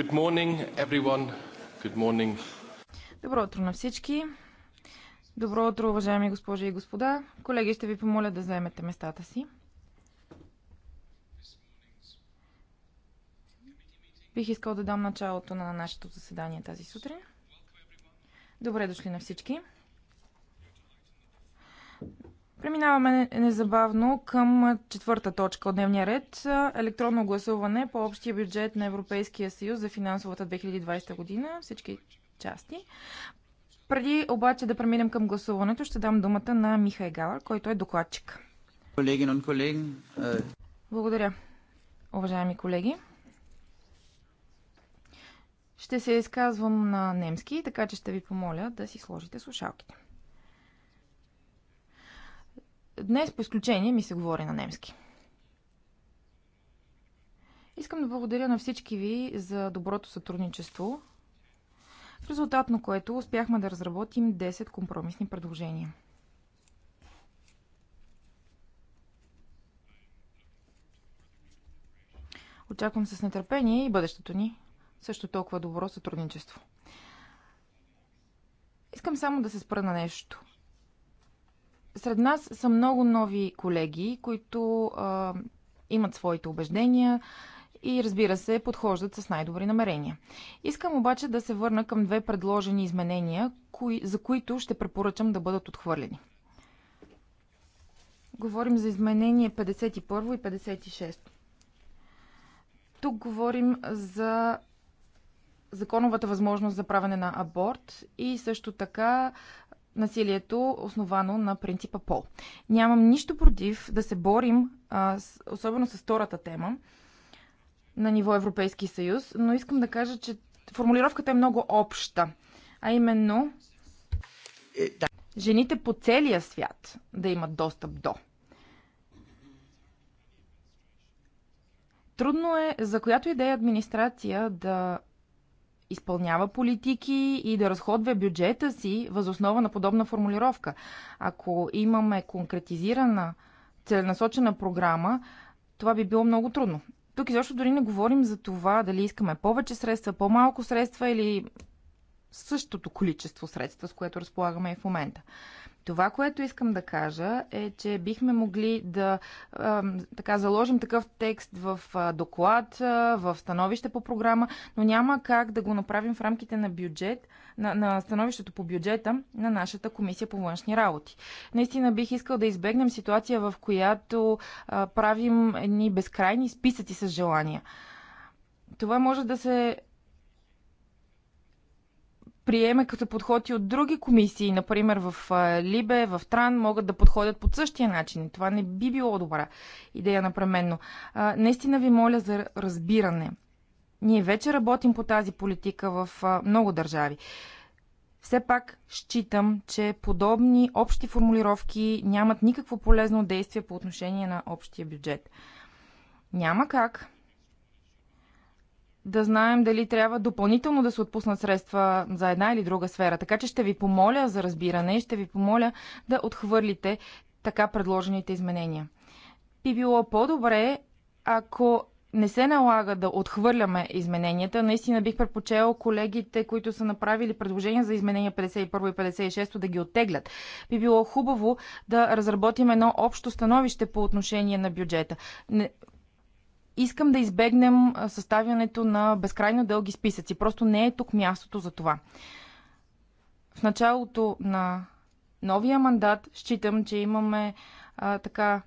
Good morning, everyone. Good morning. Добро утро на всички. Добро утро, уважаеми госпожи и господа. Колеги, ще ви помоля да заемете местата си. Бих искал да дам началото на нашето заседание тази сутрин. Добре дошли на всички. Преминаваме незабавно към четвърта точка от дневния ред – електронно гласуване по общия бюджет на Европейския съюз за финансовата 2020 година, всички части. Преди обаче да преминем към гласуването, ще дам думата на Михай Гала, който е докладчик. Колеги, колеги. Благодаря, уважаеми колеги. Ще се изказвам на немски, така че ще ви помоля да си сложите слушалките. Днес по изключение ми се говори на немски. Искам да благодаря на всички ви за доброто сътрудничество, в резултат на което успяхме да разработим 10 компромисни предложения. Очаквам с нетърпение и бъдещето ни също толкова добро сътрудничество. Искам само да се спра на нещо. Сред нас са много нови колеги, които а, имат своите убеждения и разбира се, подхождат с най-добри намерения. Искам обаче да се върна към две предложени изменения, кои, за които ще препоръчам да бъдат отхвърлени. Говорим за изменение 51 и 56. Тук говорим за законовата възможност за правене на аборт и също така насилието, основано на принципа пол. Нямам нищо против да се борим, а, с, особено с втората тема, на ниво Европейски съюз, но искам да кажа, че формулировката е много обща. А именно, е, жените по целия свят да имат достъп до. Трудно е за която идея администрация да изпълнява политики и да разходва бюджета си възоснова на подобна формулировка. Ако имаме конкретизирана целенасочена програма, това би било много трудно. Тук изобщо дори не говорим за това дали искаме повече средства, по-малко средства или същото количество средства, с което разполагаме и в момента. Това, което искам да кажа е, че бихме могли да а, така заложим такъв текст в а, доклад, а, в становище по програма, но няма как да го направим в рамките на бюджет, на, на становището по бюджета на нашата комисия по външни работи. Наистина бих искал да избегнем ситуация, в която а, правим едни безкрайни списъци с желания. Това може да се приеме като подход и от други комисии, например в Либе, в Тран, могат да подходят по същия начин. Това не би било добра идея напременно. Наистина ви моля за разбиране. Ние вече работим по тази политика в много държави. Все пак считам, че подобни общи формулировки нямат никакво полезно действие по отношение на общия бюджет. Няма как да знаем дали трябва допълнително да се отпуснат средства за една или друга сфера. Така че ще ви помоля за разбиране и ще ви помоля да отхвърлите така предложените изменения. Би било по-добре, ако не се налага да отхвърляме измененията. Наистина бих предпочел колегите, които са направили предложения за изменения 51 и 56, да ги оттеглят. Би било хубаво да разработим едно общо становище по отношение на бюджета. Искам да избегнем съставянето на безкрайно дълги списъци. Просто не е тук мястото за това. В началото на новия мандат считам, че имаме а, така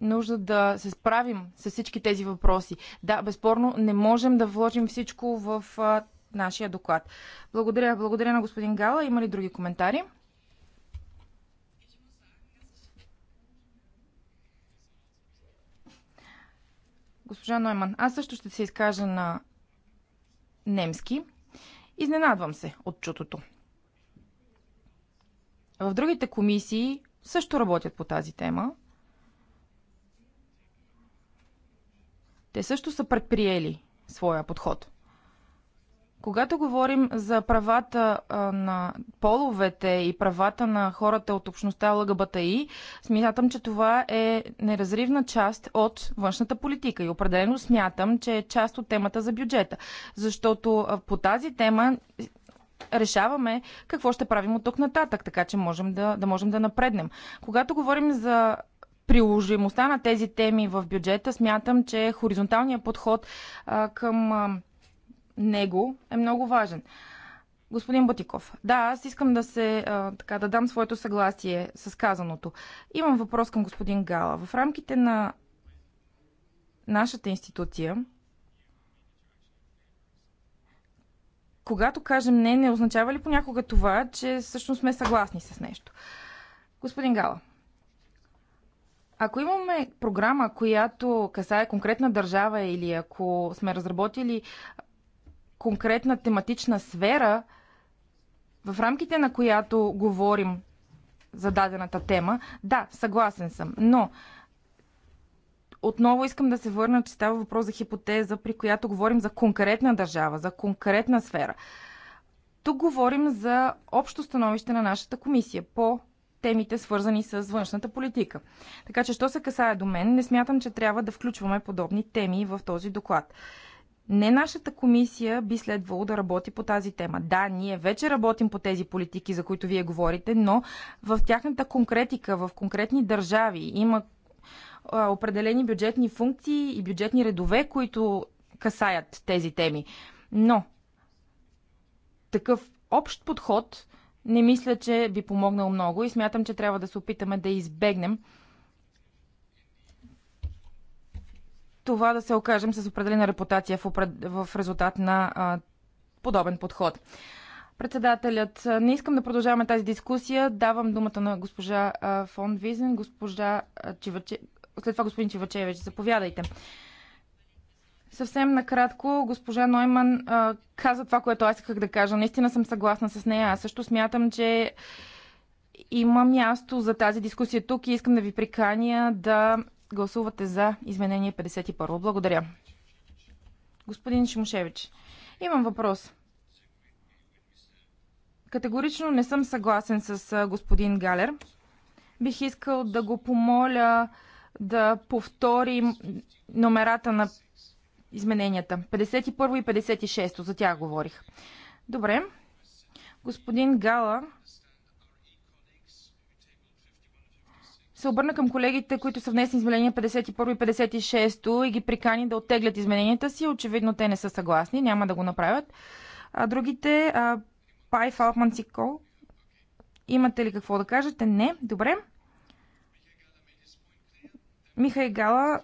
нужда да се справим с всички тези въпроси. Да, безспорно не можем да вложим всичко в а, нашия доклад. Благодаря, благодаря на господин Гала. Има ли други коментари? Госпожа Нойман, аз също ще се изкажа на немски. Изненадвам се от чутото. В другите комисии също работят по тази тема. Те също са предприели своя подход – когато говорим за правата на половете и правата на хората от общността ЛГБТИ, смятам, че това е неразривна част от външната политика и определено смятам, че е част от темата за бюджета. Защото по тази тема решаваме какво ще правим от тук нататък, така че можем да, да можем да напреднем. Когато говорим за приложимостта на тези теми в бюджета, смятам, че хоризонталният подход а, към а, него е много важен. Господин Батиков, да, аз искам да се а, така да дам своето съгласие с казаното. Имам въпрос към господин Гала. В рамките на нашата институция, когато кажем не, не означава ли понякога това, че всъщност сме съгласни с нещо? Господин Гала, ако имаме програма, която касае конкретна държава или ако сме разработили конкретна тематична сфера, в рамките на която говорим за дадената тема. Да, съгласен съм, но отново искам да се върна, че става въпрос за хипотеза, при която говорим за конкретна държава, за конкретна сфера. Тук говорим за общо становище на нашата комисия по темите, свързани с външната политика. Така че, що се касае до мен, не смятам, че трябва да включваме подобни теми в този доклад не нашата комисия би следвало да работи по тази тема. Да, ние вече работим по тези политики, за които вие говорите, но в тяхната конкретика, в конкретни държави има определени бюджетни функции и бюджетни редове, които касаят тези теми. Но такъв общ подход не мисля, че би помогнал много и смятам, че трябва да се опитаме да избегнем това да се окажем с определена репутация в, опред... в резултат на а, подобен подход. Председателят, не искам да продължаваме тази дискусия. Давам думата на госпожа а, фон Визен, госпожа а, Чиваче... След това господин Чивачевич, заповядайте. Съвсем накратко, госпожа Нойман а, каза това, което аз исках да кажа. Наистина съм съгласна с нея. Аз също смятам, че има място за тази дискусия тук и искам да ви приканя да гласувате за изменение 51. Благодаря. Господин Шимушевич, имам въпрос. Категорично не съм съгласен с господин Галер. Бих искал да го помоля да повтори номерата на измененията. 51 и 56 за тях говорих. Добре. Господин Гала се обърна към колегите, които са внесли изменения 51 и 56 и ги прикани да оттеглят измененията си. Очевидно те не са съгласни, няма да го направят. А другите, а, Пай Фалтман Сикол, имате ли какво да кажете? Не, добре. Михай Гала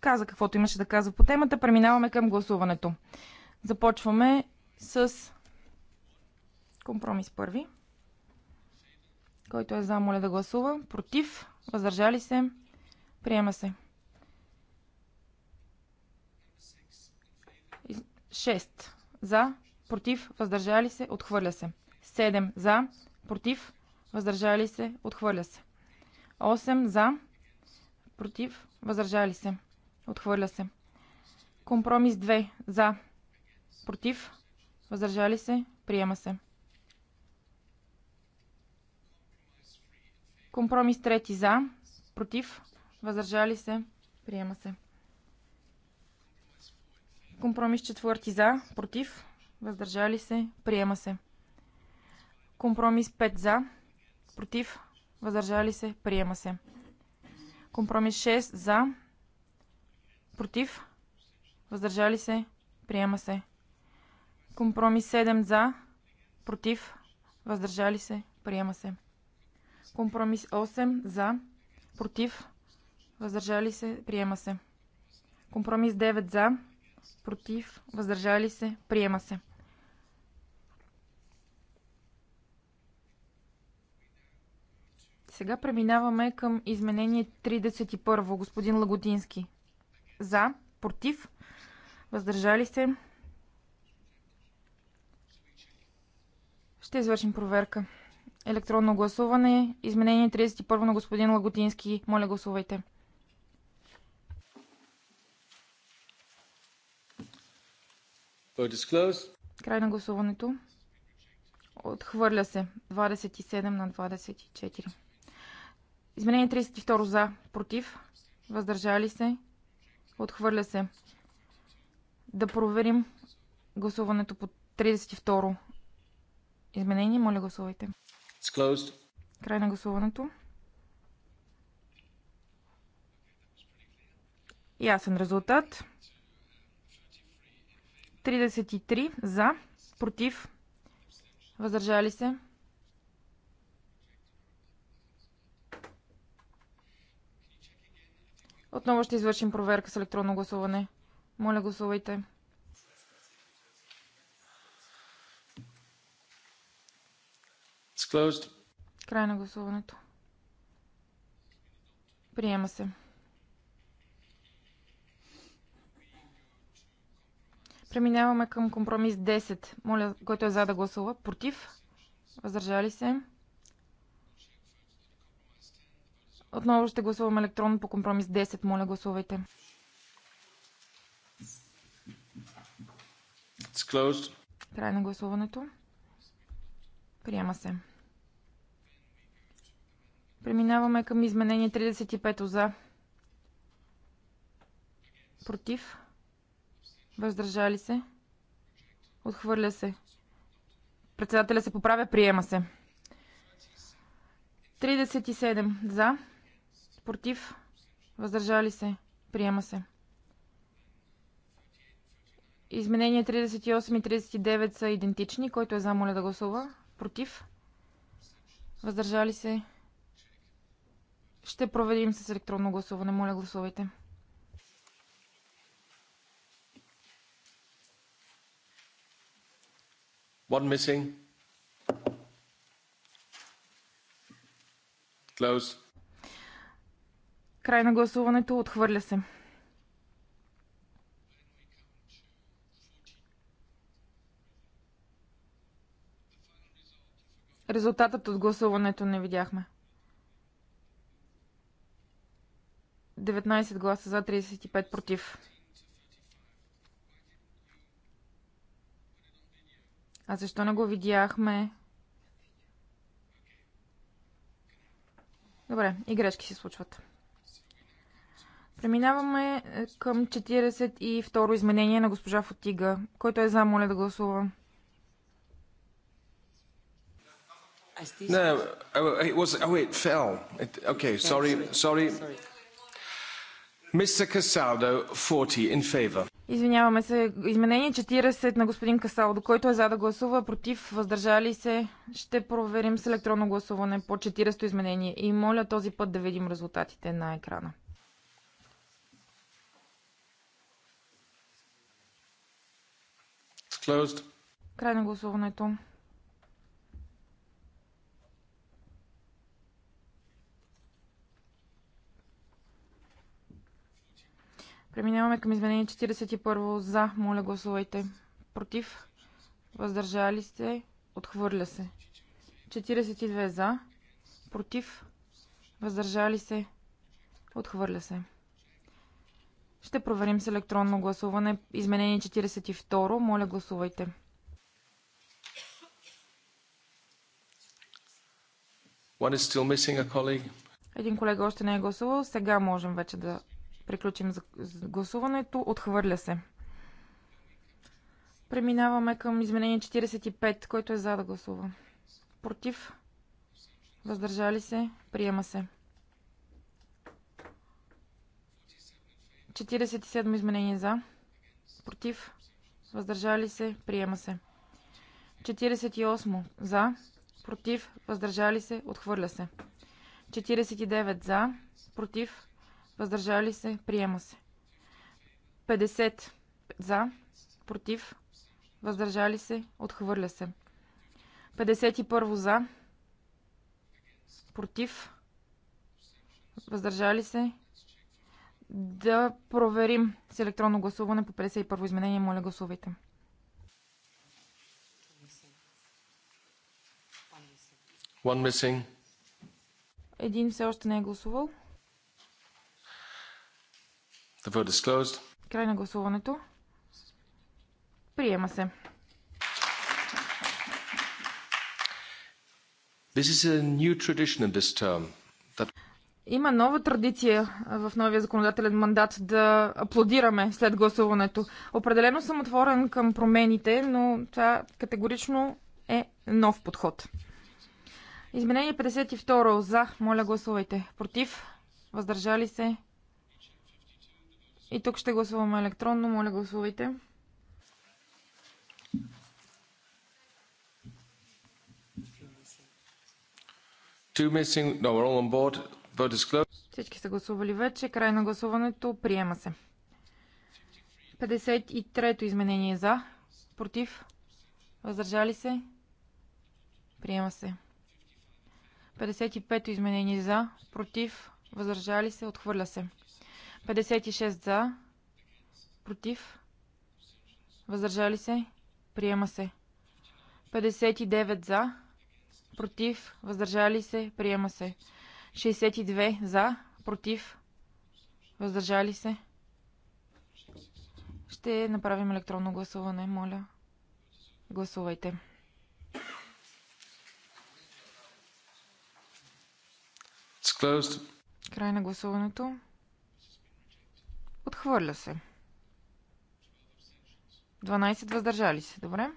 каза каквото имаше да казва по темата. Преминаваме към гласуването. Започваме с компромис първи. Който е за, моля да гласува. Против. Въздържали се. Приема се. 6. За. Против. Въздържали се. Отхвърля се. 7. За. Против. Въздържали се. Отхвърля се. 8. За. Против. Въздържали се. Отхвърля се. Компромис 2. За. Против. Въздържали се. Приема се. Компромис трети за, против, въздържали се, приема се. Компромис четвърти за, против, въздържали се, приема се. Компромис 5 за, против, въздържали се, приема се. Компромис 6 за, против, въздържали се, приема се. Компромис 7 за, против, въздържали се, приема се. Компромис 8 за, против, въздържали се, приема се. Компромис 9 за, против, въздържали се, приема се. Сега преминаваме към изменение 31. Господин Лагодински. За, против, въздържали се. Ще извършим проверка. Електронно гласуване. Изменение 31 на господин Лаготински. Моля, гласувайте. Край на гласуването. Отхвърля се. 27 на 24. Изменение 32 за. Против. Въздържали се. Отхвърля се. Да проверим гласуването по 32 изменение. Моля гласувайте. Край на гласуването. Ясен резултат. 33 за, против, въздържали се. Отново ще извършим проверка с електронно гласуване. Моля, гласувайте. Край на гласуването. Приема се. Преминаваме към компромис 10. Моля, който е за да гласува. Против. Въздържали се. Отново ще гласуваме електронно по компромис 10. Моля, гласувайте. Край на гласуването. Приема се. Преминаваме към изменение 35 за. Против. Въздържали се. Отхвърля се. Председателя се поправя, приема се. 37 за. Против. Въздържали се. Приема се. Изменения 38 и 39 са идентични. Който е за, моля да гласува. Против. Въздържали се. Ще проведим с електронно гласуване. Моля, гласувайте. One missing. Close. Край на гласуването. Отхвърля се. Резултатът от гласуването не видяхме. 19 гласа за, 35 против. А защо не го видяхме? Добре, и грешки се случват. Преминаваме е, към 42 изменение на госпожа Фотига. Който е за, моля да гласува. No, oh, it was, oh, it fell. It, okay, sorry, sorry. sorry. Mr. Касалдо, 40 in favor. Извиняваме се. Изменение 40 на господин Касалдо, който е за да гласува, против, въздържали се. Ще проверим с електронно гласуване по 40-то изменение. И моля този път да видим резултатите на екрана. Closed. Край на гласуването. Преминаваме към изменение 41 за. Моля гласувайте. Против. Въздържали се. Отхвърля се. 42 за. Против. Въздържали се. Отхвърля се. Ще проверим с електронно гласуване. Изменение 42. Моля гласувайте. Един колега още не е гласувал. Сега можем вече да Приключим гласуването. Отхвърля се. Преминаваме към изменение 45, който е за да гласува. Против? Въздържали се? Приема се. 47 изменение за. Против? Въздържали се? Приема се. 48 за. Против? Въздържали се? Отхвърля се. 49 за. Против? въздържали се, приема се. 50 за, против, въздържали се, отхвърля се. 51 за, против, въздържали се. Да проверим с електронно гласуване по 51 изменение. Моля, гласувайте. Един все още не е гласувал. Край на гласуването. Приема се. That... Има нова традиция в новия законодателен мандат да аплодираме след гласуването. Определено съм отворен към промените, но това категорично е нов подход. Изменение 52 за. Моля гласувайте. Против. Въздържали се. И тук ще гласуваме електронно. Моля, гласувайте. No, Всички са гласували вече. Край на гласуването. Приема се. 53-то изменение за. Против. Въздържали се. Приема се. 55-то изменение за. Против. Въздържали се. Отхвърля се. 56 за, против, въздържали се, приема се. 59 за, против, въздържали се, приема се. 62 за, против, въздържали се. Ще направим електронно гласуване, моля. Гласувайте. Край на гласуването. Отхвърля се. 12 въздържали се. Добре.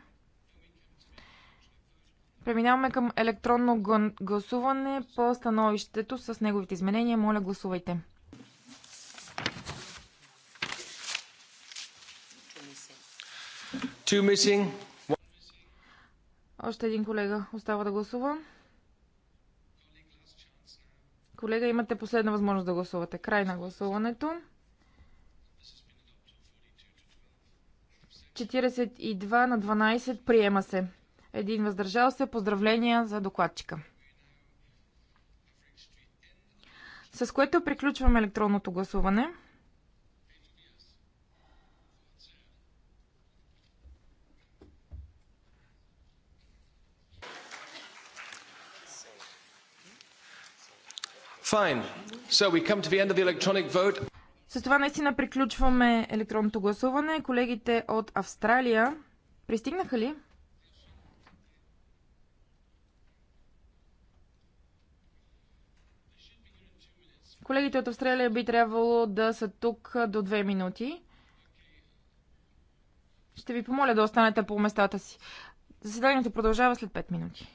Преминаваме към електронно гласуване по становището с неговите изменения. Моля, гласувайте. Още един колега остава да гласува. Колега, имате последна възможност да гласувате. Край на гласуването. 42 на 12 приема се. Един въздържал се. Поздравления за докладчика. С което приключваме електронното гласуване. Fine. So we come to the end of the electronic vote. С това наистина приключваме електронното гласуване. Колегите от Австралия пристигнаха ли? Колегите от Австралия би трябвало да са тук до 2 минути. Ще ви помоля да останете по местата си. Заседанието продължава след 5 минути.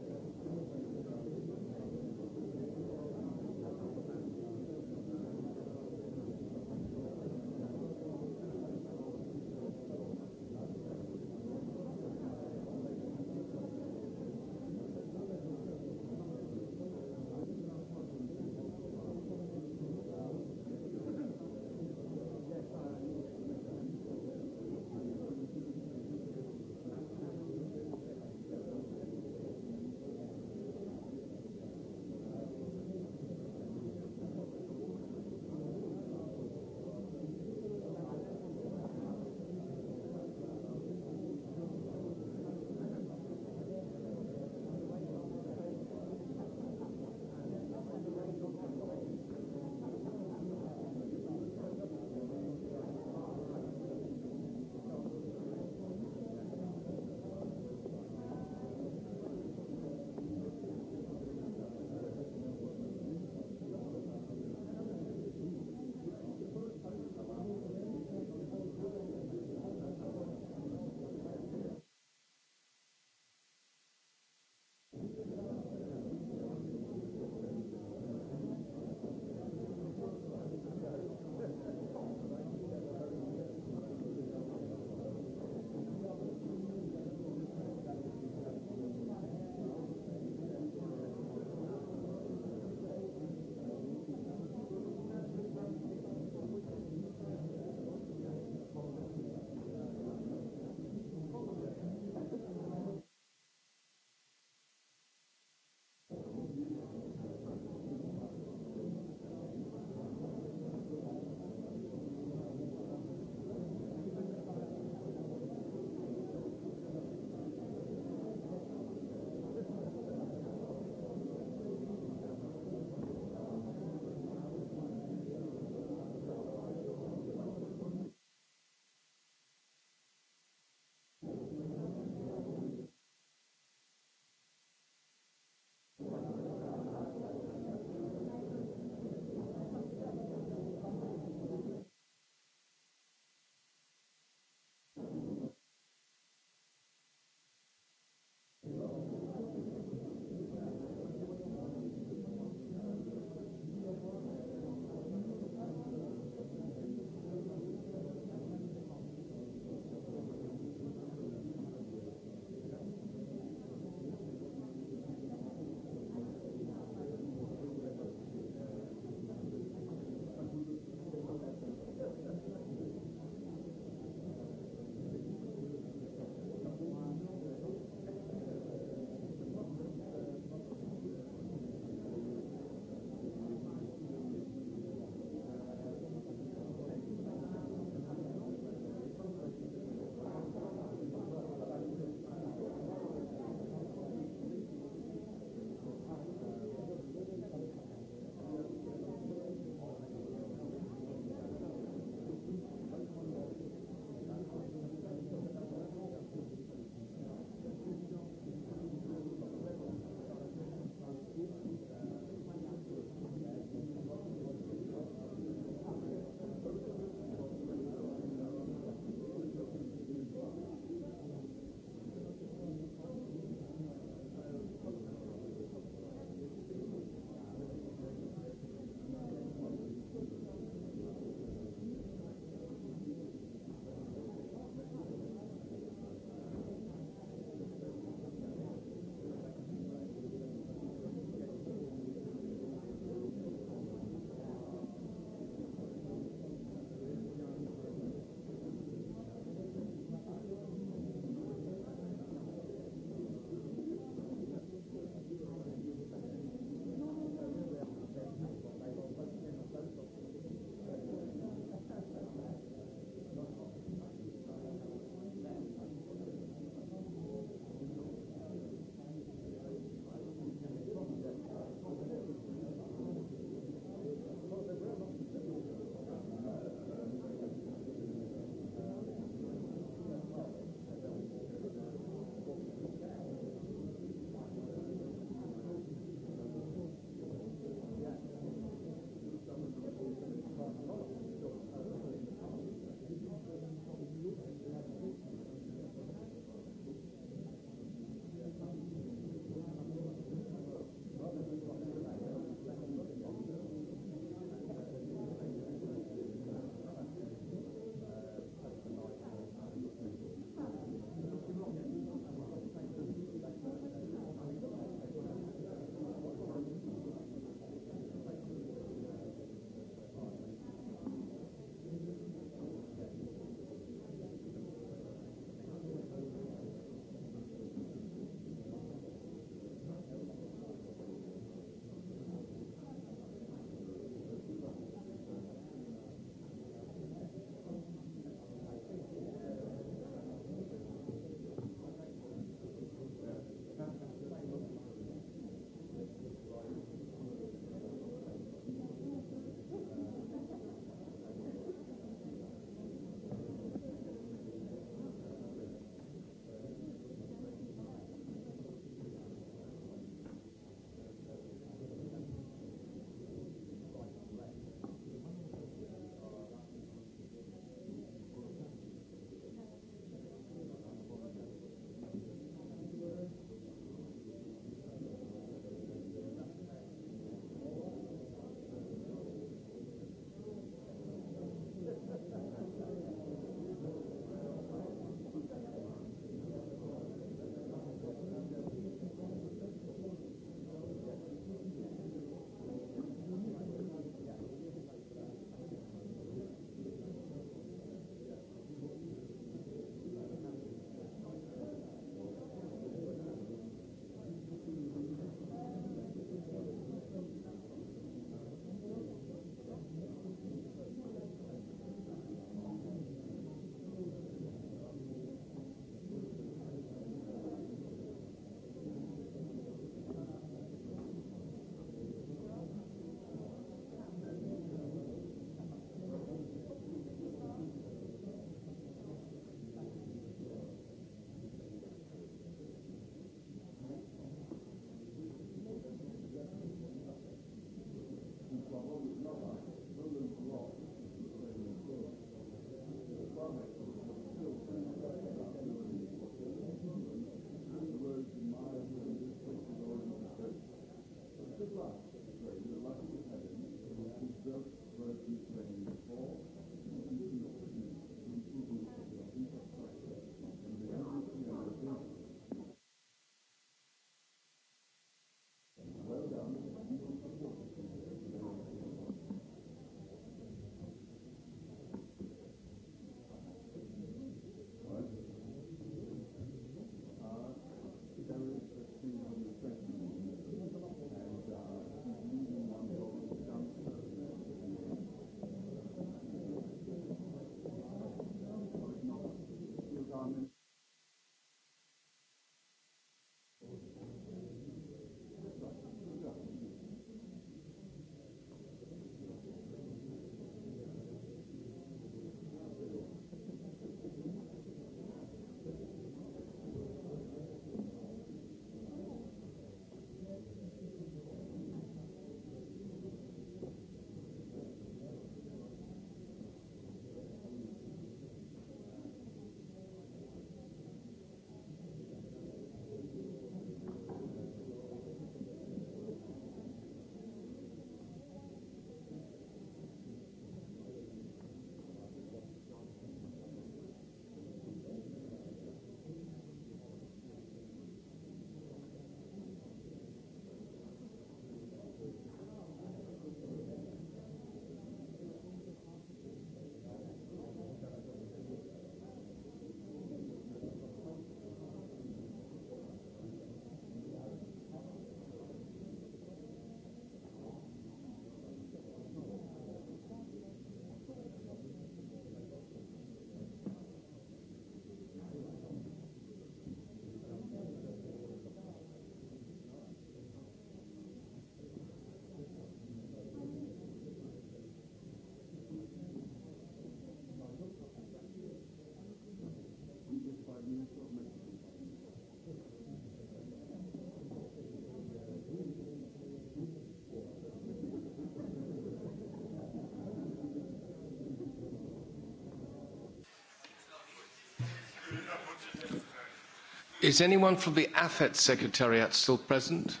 Is anyone from the AFET secretariat still present?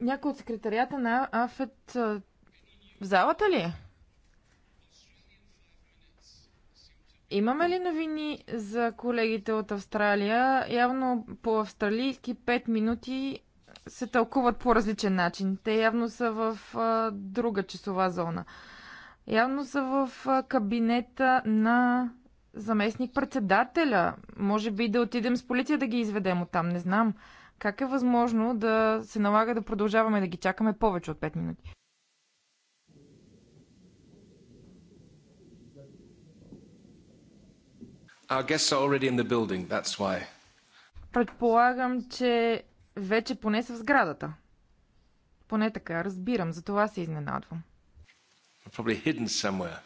Някой от секретарията на АФЕТ в залата ли е? Имаме ли новини за колегите от Австралия? Явно по австралийски 5 минути се тълкуват по различен начин. Те явно са в а, друга часова зона. Явно са в а, кабинета на заместник-председателя. Може би да отидем с полиция да ги изведем оттам, не знам. Как е възможно да се налага да продължаваме да ги чакаме повече от 5 минути? Our guests are already in the building, that's why. Предполагам, че вече поне са в сградата. Поне така разбирам, за това се изненадвам. Probably hidden somewhere.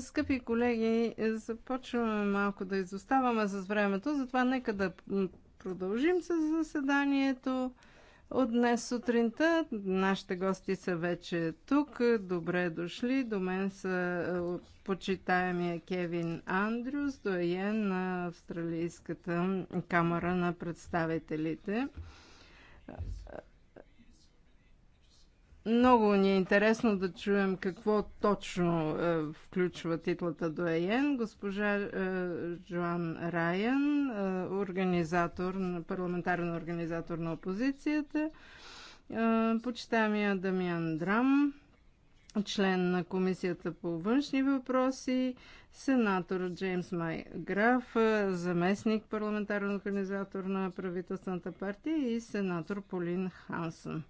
Скъпи колеги, започваме малко да изоставаме с времето, затова нека да продължим с заседанието. От днес сутринта нашите гости са вече тук. Добре дошли. До мен са е, почитаемия Кевин Андрюс, доен на Австралийската камера на представителите. Много ни е интересно да чуем какво точно е, включва титлата до ЕН. Госпожа е, Джоан Райан, е, организатор, парламентарен организатор на опозицията. Е, почитамия Дамиан Драм, член на Комисията по външни въпроси, сенатор Джеймс Май Граф, е, заместник парламентарен организатор на правителствената партия и сенатор Полин Хансън.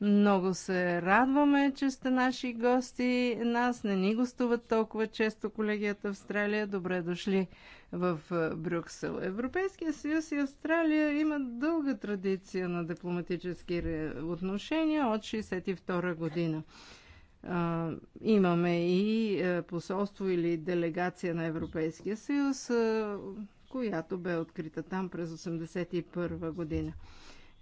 Много се радваме, че сте наши гости. Нас не ни гостуват толкова често колегията Австралия. Добре дошли в е, Брюксел. Европейския съюз и Австралия имат дълга традиция на дипломатически отношения от 1962 година. Имаме и е, посолство или делегация на Европейския съюз, е, която бе открита там през 1981 година.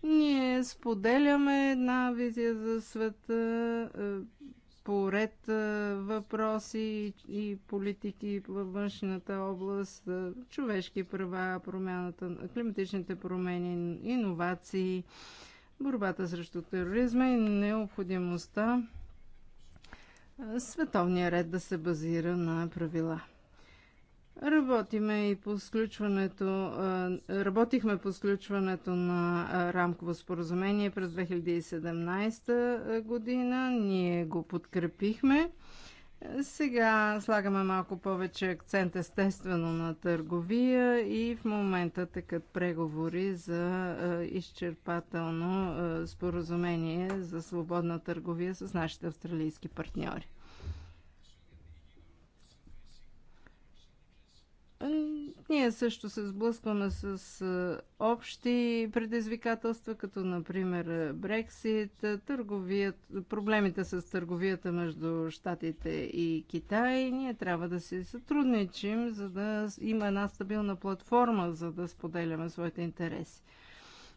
Ние споделяме една визия за света е, по ред е, въпроси и политики във външната област, е, човешки права, промяната, климатичните промени, иновации, борбата срещу тероризма и необходимостта световния ред да се базира на правила. Работиме и по сключването, работихме по сключването на рамково споразумение през 2017 година. Ние го подкрепихме. Сега слагаме малко повече акцент естествено на търговия и в момента такът преговори за изчерпателно споразумение за свободна търговия с нашите австралийски партньори. Ние също се сблъскваме с общи предизвикателства, като например Брексит, проблемите с търговията между Штатите и Китай. Ние трябва да си сътрудничим, за да има една стабилна платформа, за да споделяме своите интереси.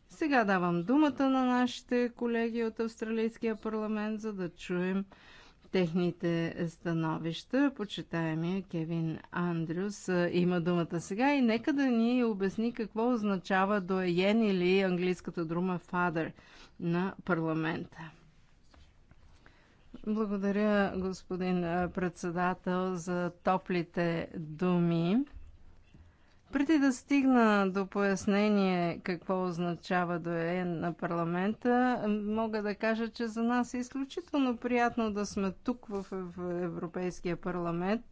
Сега давам думата на нашите колеги от Австралийския парламент, за да чуем техните становища. Почитаемия Кевин Андрюс има думата сега и нека да ни обясни какво означава доен е или английската дума father на парламента. Благодаря, господин председател, за топлите думи. Преди да стигна до пояснение какво означава доен на парламента, мога да кажа, че за нас е изключително приятно да сме тук в Европейския парламент.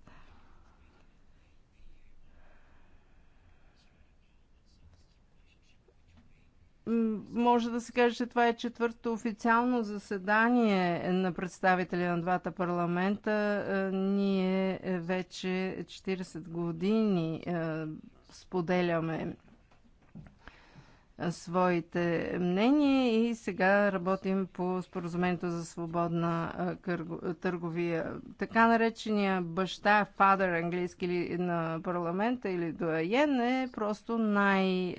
Може да се каже, че това е четвърто официално заседание на представители на двата парламента. Е, ние вече 40 години е, споделяме своите мнения и сега работим по споразумението за свободна търговия. Така наречения баща, фадър английски или на парламента или доаен е просто най-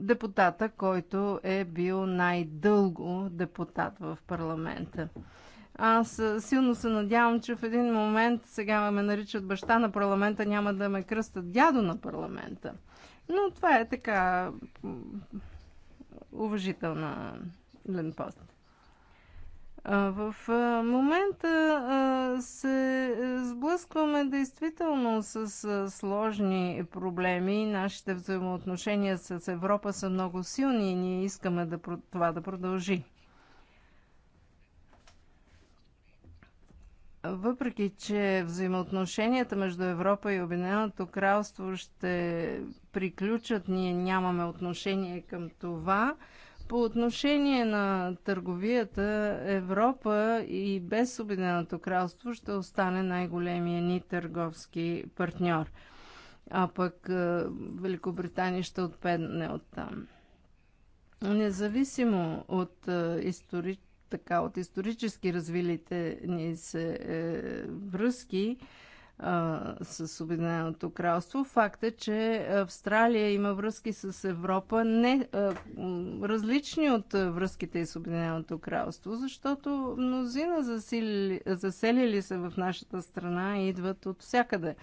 депутата, който е бил най-дълго депутат в парламента. Аз силно се надявам, че в един момент сега ме наричат баща на парламента, няма да ме кръстат дядо на парламента. Но това е така уважителна ленпост. В момента се е, сблъскваме действително с сложни проблеми. Нашите взаимоотношения с Европа са много силни и ние искаме да, това да продължи. Въпреки, че взаимоотношенията между Европа и Обединеното кралство ще приключат, ние нямаме отношение към това. По отношение на търговията, Европа и без Обединеното кралство ще остане най-големия ни търговски партньор. А пък е, Великобритания ще отпедне от там. Независимо от е, историческите така от исторически развилите ни се е, връзки а, с Обединеното кралство. Факт е, че Австралия има връзки с Европа, не а, различни от връзките с Обединеното кралство, защото мнозина засили, заселили се в нашата страна и идват от всякъде.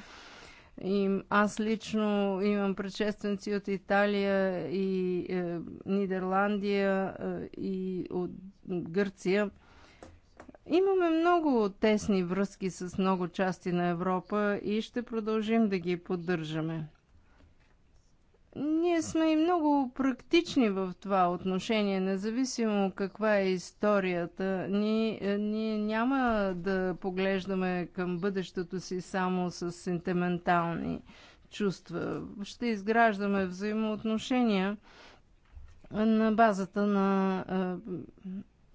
И аз лично имам предшественици от Италия и е, Нидерландия е, и от Гърция. Имаме много тесни връзки с много части на Европа и ще продължим да ги поддържаме. Ние сме и много практични в това отношение, независимо каква е историята. Ние, ние няма да поглеждаме към бъдещето си само с сентиментални чувства. Ще изграждаме взаимоотношения на базата на е,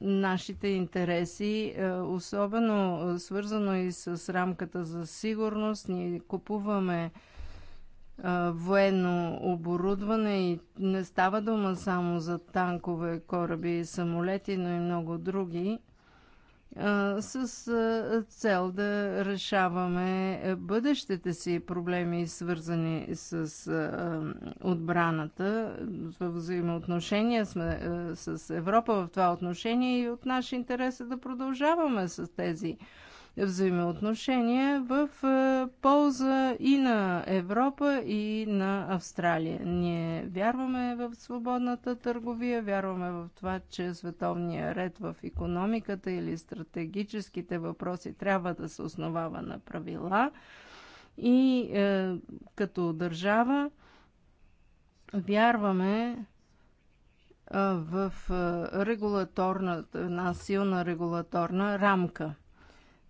нашите интереси, е, особено свързано и с рамката за сигурност. Ние купуваме военно оборудване и не става дума само за танкове, кораби и самолети, но и много други, с цел да решаваме е, бъдещите си проблеми, свързани с отбраната. В взаимоотношения сме с Европа в това отношение и от наш интерес е да продължаваме с тези взаимоотношения в е, полза и на Европа, и на Австралия. Ние вярваме в свободната търговия, вярваме в това, че световния ред в економиката или стратегическите въпроси трябва да се основава на правила. И е, като държава вярваме в е, регулаторна, една силна регулаторна рамка.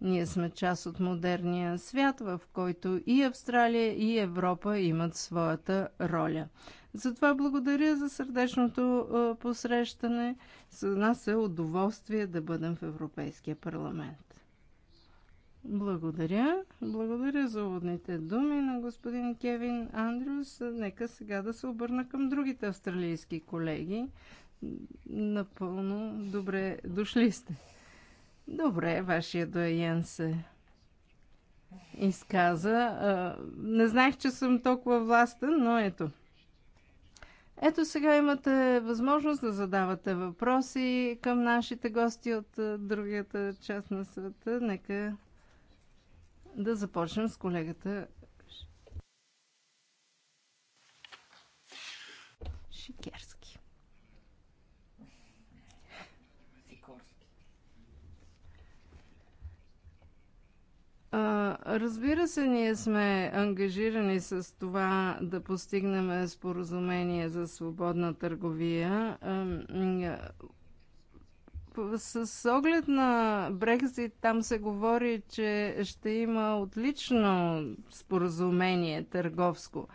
Ние сме част от модерния свят, в който и Австралия, и Европа имат своята роля. Затова благодаря за сърдечното посрещане. За нас е удоволствие да бъдем в Европейския парламент. Благодаря. Благодаря за уводните думи на господин Кевин Андрюс. Нека сега да се обърна към другите австралийски колеги. Напълно добре дошли сте. Добре, вашия доен се изказа. Не знаех, че съм толкова властен, но ето. Ето сега имате възможност да задавате въпроси към нашите гости от другата част на света. Нека да започнем с колегата Шикерска. Разбира се, ние сме ангажирани с това да постигнем споразумение за свободна търговия. С оглед на Брекзит там се говори, че ще има отлично споразумение търговско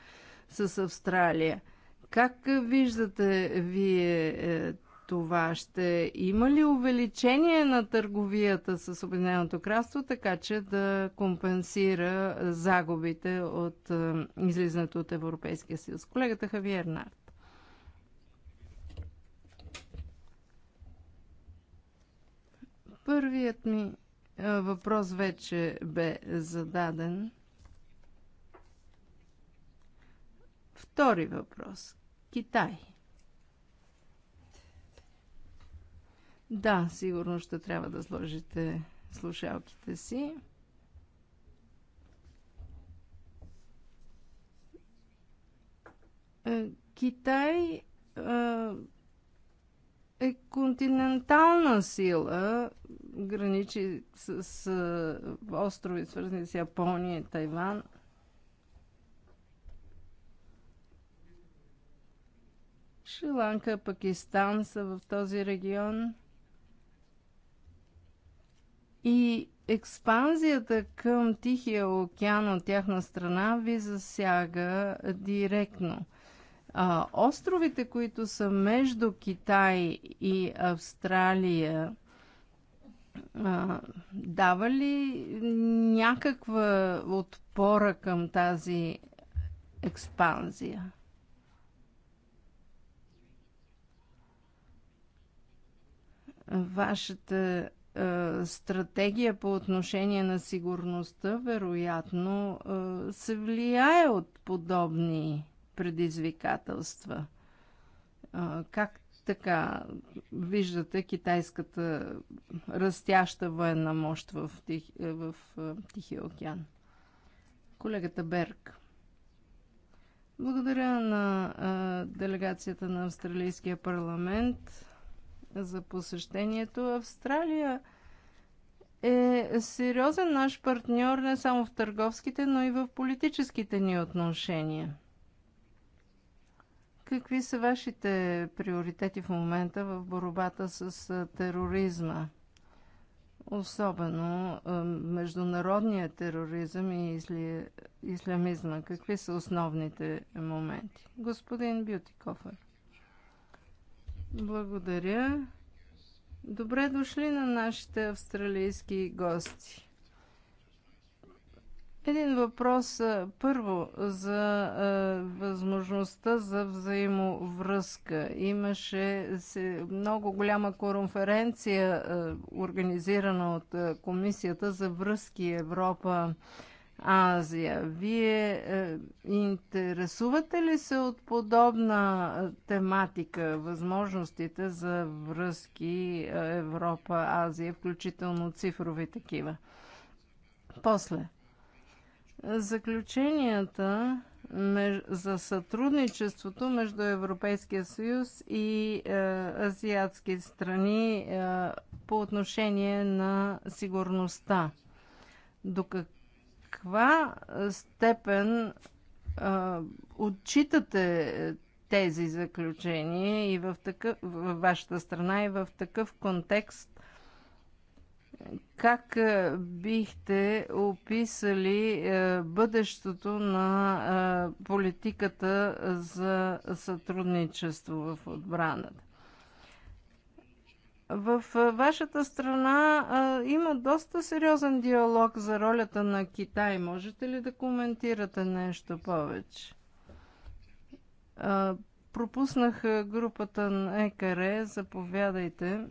с Австралия. Как виждате вие е, това ще има ли увеличение на търговията с Обединеното кралство, така че да компенсира загубите от е, излизането от Европейския съюз? Колегата Хавиер Нарт. Първият ми е, въпрос вече бе зададен. Втори въпрос. Китай – Да, сигурно ще трябва да сложите слушалките си. Е, Китай е, е континентална сила, граничи с, с е, острови, свързани с Япония и Тайван. Шри-Ланка, Пакистан са в този регион – и експанзията към Тихия океан от тяхна страна ви засяга директно. А, островите, които са между Китай и Австралия, а, дава ли някаква отпора към тази експанзия? Вашата е, стратегия по отношение на сигурността, вероятно, е, се влияе от подобни предизвикателства. Е, как така виждате китайската растяща военна мощ в, Тих, в Тихия океан? Колегата Берг. Благодаря на делегацията на Австралийския парламент за посещението. Австралия е сериозен наш партньор не само в търговските, но и в политическите ни отношения. Какви са вашите приоритети в момента в борбата с тероризма? Особено международния тероризъм и исли... ислямизма. Какви са основните моменти? Господин Бютикофер. Благодаря. Добре дошли на нашите австралийски гости. Един въпрос първо за е, възможността за взаимовръзка. Имаше се, много голяма конференция, е, организирана от е, Комисията за връзки Европа. Е, Азия. Вие е, интересувате ли се от подобна е, тематика, възможностите за връзки е, Европа-Азия, включително цифрови такива? После. Заключенията за сътрудничеството между Европейския съюз и е, азиатски страни е, по отношение на сигурността. До как каква степен а, отчитате тези заключения и в такъв, във вашата страна и в такъв контекст как бихте описали бъдещето на политиката за сътрудничество в отбраната? В вашата страна а, има доста сериозен диалог за ролята на Китай. Можете ли да коментирате нещо повече? А, пропуснах групата на ЕКР. Заповядайте.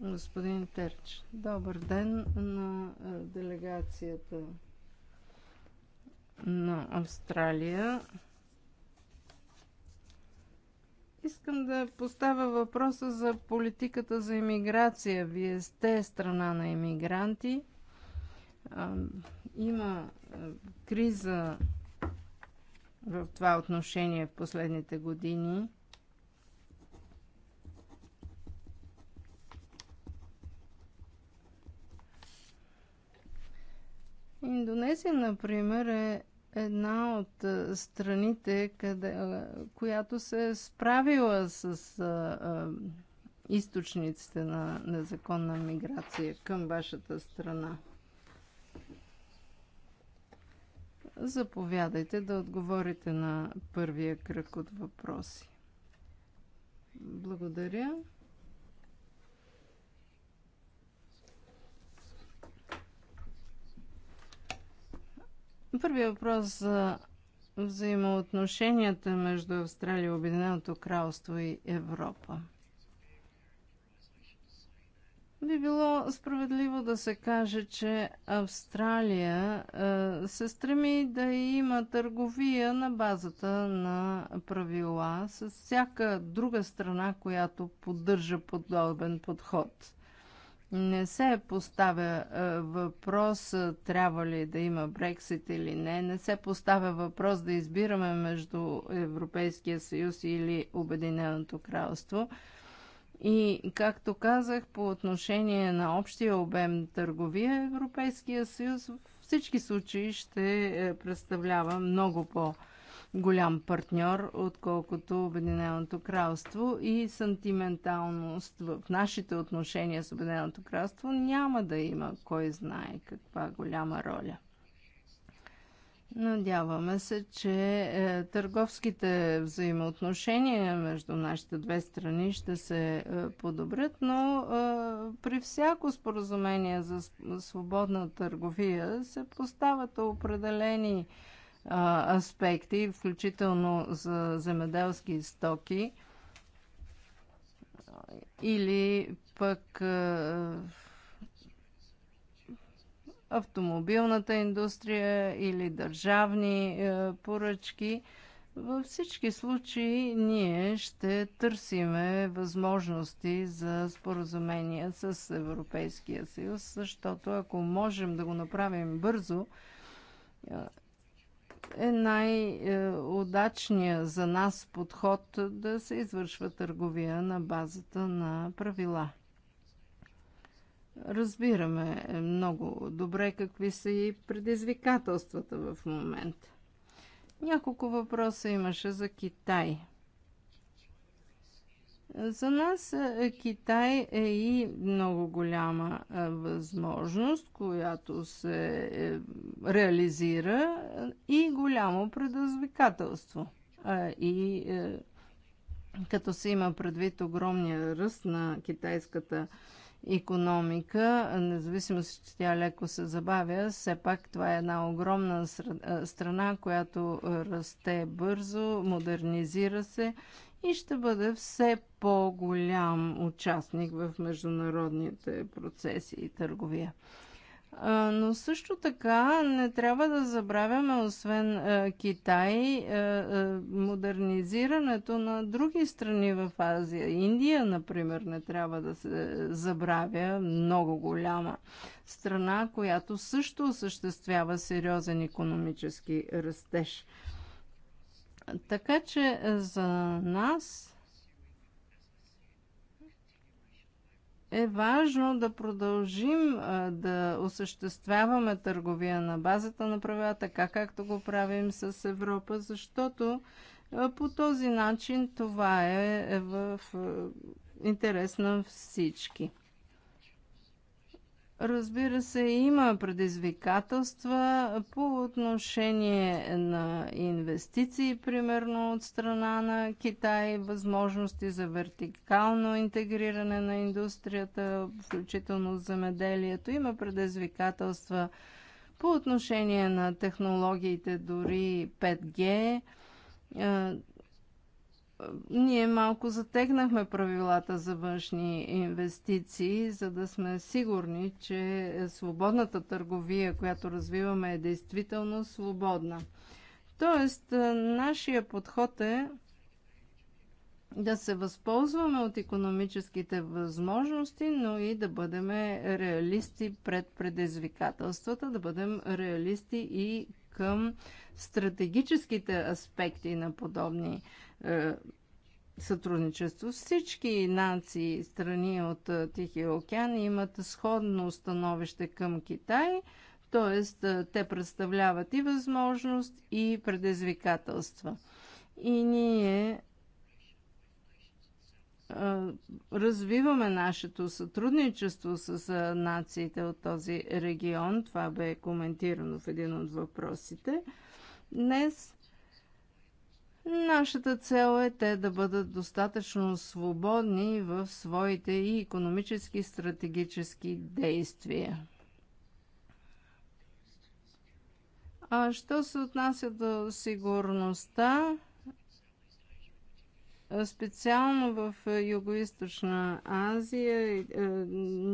Господин Терч, добър ден на делегацията на Австралия. Искам да поставя въпроса за политиката за иммиграция. Вие сте страна на иммигранти. Има криза в това отношение в последните години. Индонезия, например, е една от страните, къде, която се е справила с а, а, източниците на незаконна миграция към вашата страна. Заповядайте да отговорите на първия кръг от въпроси. Благодаря. Първият въпрос за взаимоотношенията между Австралия и Обединеното кралство и Европа. Би било справедливо да се каже, че Австралия е, се стреми да има търговия на базата на правила с всяка друга страна, която поддържа подобен подход. Не се поставя е, въпрос е, трябва ли да има Брексит или не. Не се поставя въпрос да избираме между Европейския съюз или Обединеното кралство. И, както казах, по отношение на общия обем търговия, Европейския съюз във всички случаи ще е, представлява много по- голям партньор, отколкото Обединеното кралство и сантименталност в нашите отношения с Обединеното кралство няма да има кой знае каква голяма роля. Надяваме се, че е, търговските взаимоотношения между нашите две страни ще се е, подобрят, но е, при всяко споразумение за свободна търговия се поставят определени е, аспекти, включително за земеделски стоки или пък автомобилната индустрия или държавни поръчки. Във всички случаи ние ще търсиме възможности за споразумения с Европейския съюз, защото ако можем да го направим бързо, е най-удачният за нас подход да се извършва търговия на базата на правила. Разбираме много добре какви са и предизвикателствата в момента. Няколко въпроса имаше за Китай. За нас е, Китай е и много голяма е, възможност, която се е, реализира и голямо предизвикателство. И като се има предвид огромния ръст на китайската економика, независимо, че тя леко се забавя, все пак това е една огромна страна, която расте бързо, модернизира се и ще бъде все по-голям участник в международните процеси и търговия. Но също така не трябва да забравяме, освен Китай, модернизирането на други страни в Азия. Индия, например, не трябва да се забравя. Много голяма страна, която също осъществява сериозен економически растеж. Така че е, за нас е важно да продължим е, да осъществяваме търговия на базата на правила, така както го правим с Европа, защото е, по този начин това е в интерес на всички. Разбира се, има предизвикателства по отношение на инвестиции, примерно от страна на Китай, възможности за вертикално интегриране на индустрията, включително земеделието. Има предизвикателства по отношение на технологиите, дори 5G ние малко затегнахме правилата за външни инвестиции, за да сме сигурни, че свободната търговия, която развиваме, е действително свободна. Тоест, е, нашия подход е да се възползваме от економическите възможности, но и да бъдем реалисти пред предизвикателствата, да бъдем реалисти и към стратегическите аспекти на подобни е, сътрудничество. Всички нации и страни от е, Тихия океан имат сходно становище към Китай, т.е. Е, те представляват и възможност, и предизвикателства. И ние развиваме нашето сътрудничество с нациите от този регион. Това бе коментирано в един от въпросите. Днес Нашата цел е те да бъдат достатъчно свободни в своите и економически и стратегически действия. А що се отнася до сигурността, Специално в е, Юго-Источна Азия е, е,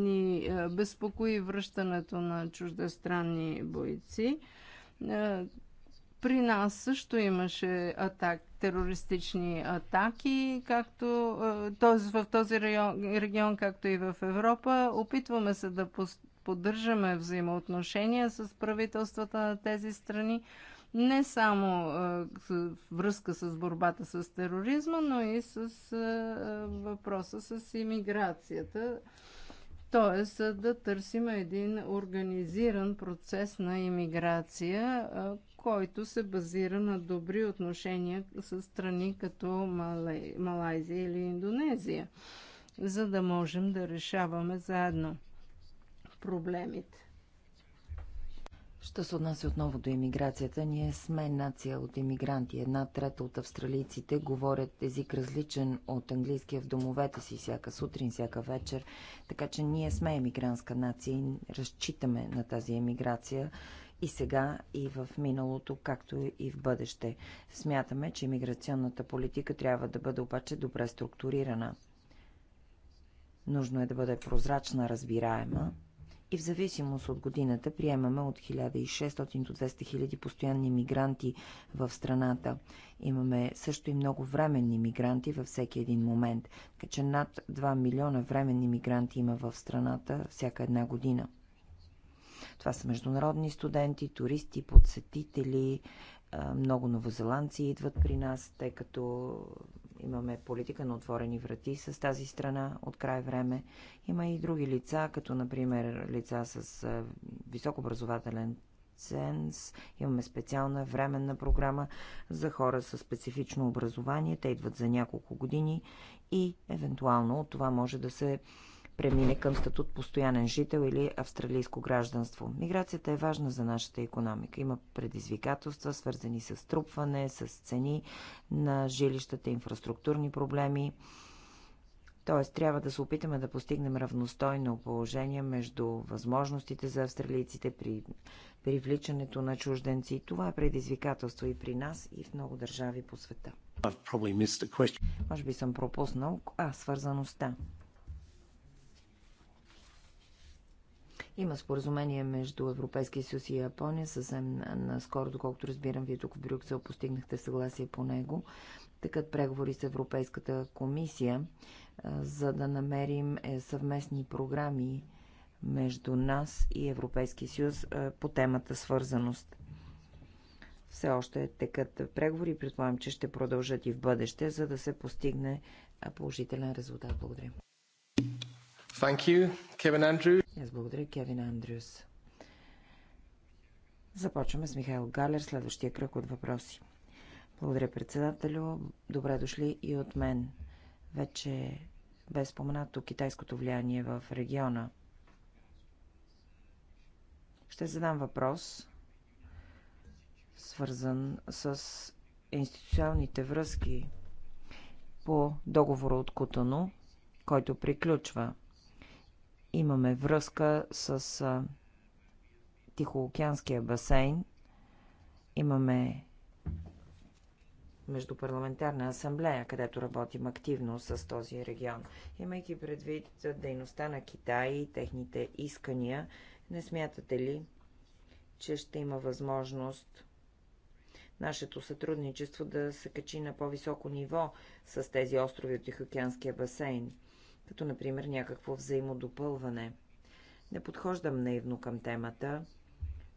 ни безпокои връщането на чуждестранни бойци. При нас също имаше атак, терористични атаки, както този, в този район, регион, както и в Европа. Опитваме се да поддържаме взаимоотношения с правителствата на тези страни не само с, връзка с борбата с тероризма, но и с въпроса с иммиграцията. Тоест да търсим един организиран процес на иммиграция, който се базира на добри отношения с страни като Малайзия или Индонезия, за да можем да решаваме заедно проблемите. Що се отнася отново до иммиграцията, ние сме нация от иммигранти. Една трета от австралийците говорят език различен от английския в домовете си всяка сутрин, всяка вечер. Така че ние сме емигрантска нация и разчитаме на тази емиграция и сега, и в миналото, както и в бъдеще. Смятаме, че иммиграционната политика трябва да бъде обаче добре структурирана. Нужно е да бъде прозрачна, разбираема, и в зависимост от годината приемаме от 1600 до 200 хиляди постоянни мигранти в страната. Имаме също и много временни мигранти във всеки един момент, така че над 2 милиона временни мигранти има в страната всяка една година. Това са международни студенти, туристи, подсетители, много новозеландци идват при нас, тъй като Имаме политика на отворени врати с тази страна от край време. Има и други лица, като например лица с образователен ценз. Имаме специална временна програма за хора с специфично образование. Те идват за няколко години и евентуално от това може да се премине към статут постоянен жител или австралийско гражданство. Миграцията е важна за нашата економика. Има предизвикателства, свързани с трупване, с цени на жилищата, инфраструктурни проблеми. Тоест, трябва да се опитаме да постигнем равностойно положение между възможностите за австралийците при привличането на чужденци. Това е предизвикателство и при нас, и в много държави по света. Може би съм пропуснал, а свързаността. Има споразумение между Европейския съюз и Япония, съвсем наскоро, доколкото разбирам, вие тук в Брюксел постигнахте съгласие по него. Такът преговори с Европейската комисия, за да намерим е, съвместни програми между нас и Европейския съюз по темата свързаност. Все още текат преговори, предполагам, че ще продължат и в бъдеще, за да се постигне положителен резултат. Благодаря. Thank you, Кевин Андрюс. Аз благодаря, Кевин Андрюс. Започваме с Михаил Галер, следващия кръг от въпроси. Благодаря, председателю. Добре дошли и от мен. Вече бе споменато китайското влияние в региона. Ще задам въпрос, свързан с институционалните връзки по договора от Кутано, който приключва – Имаме връзка с а, Тихоокеанския басейн. Имаме Междупарламентарна асамблея, където работим активно с този регион. Имайки предвид дейността на Китай и техните искания, не смятате ли, че ще има възможност нашето сътрудничество да се качи на по-високо ниво с тези острови от Тихоокеанския басейн? като например някакво взаимодопълване. Не подхождам наивно към темата.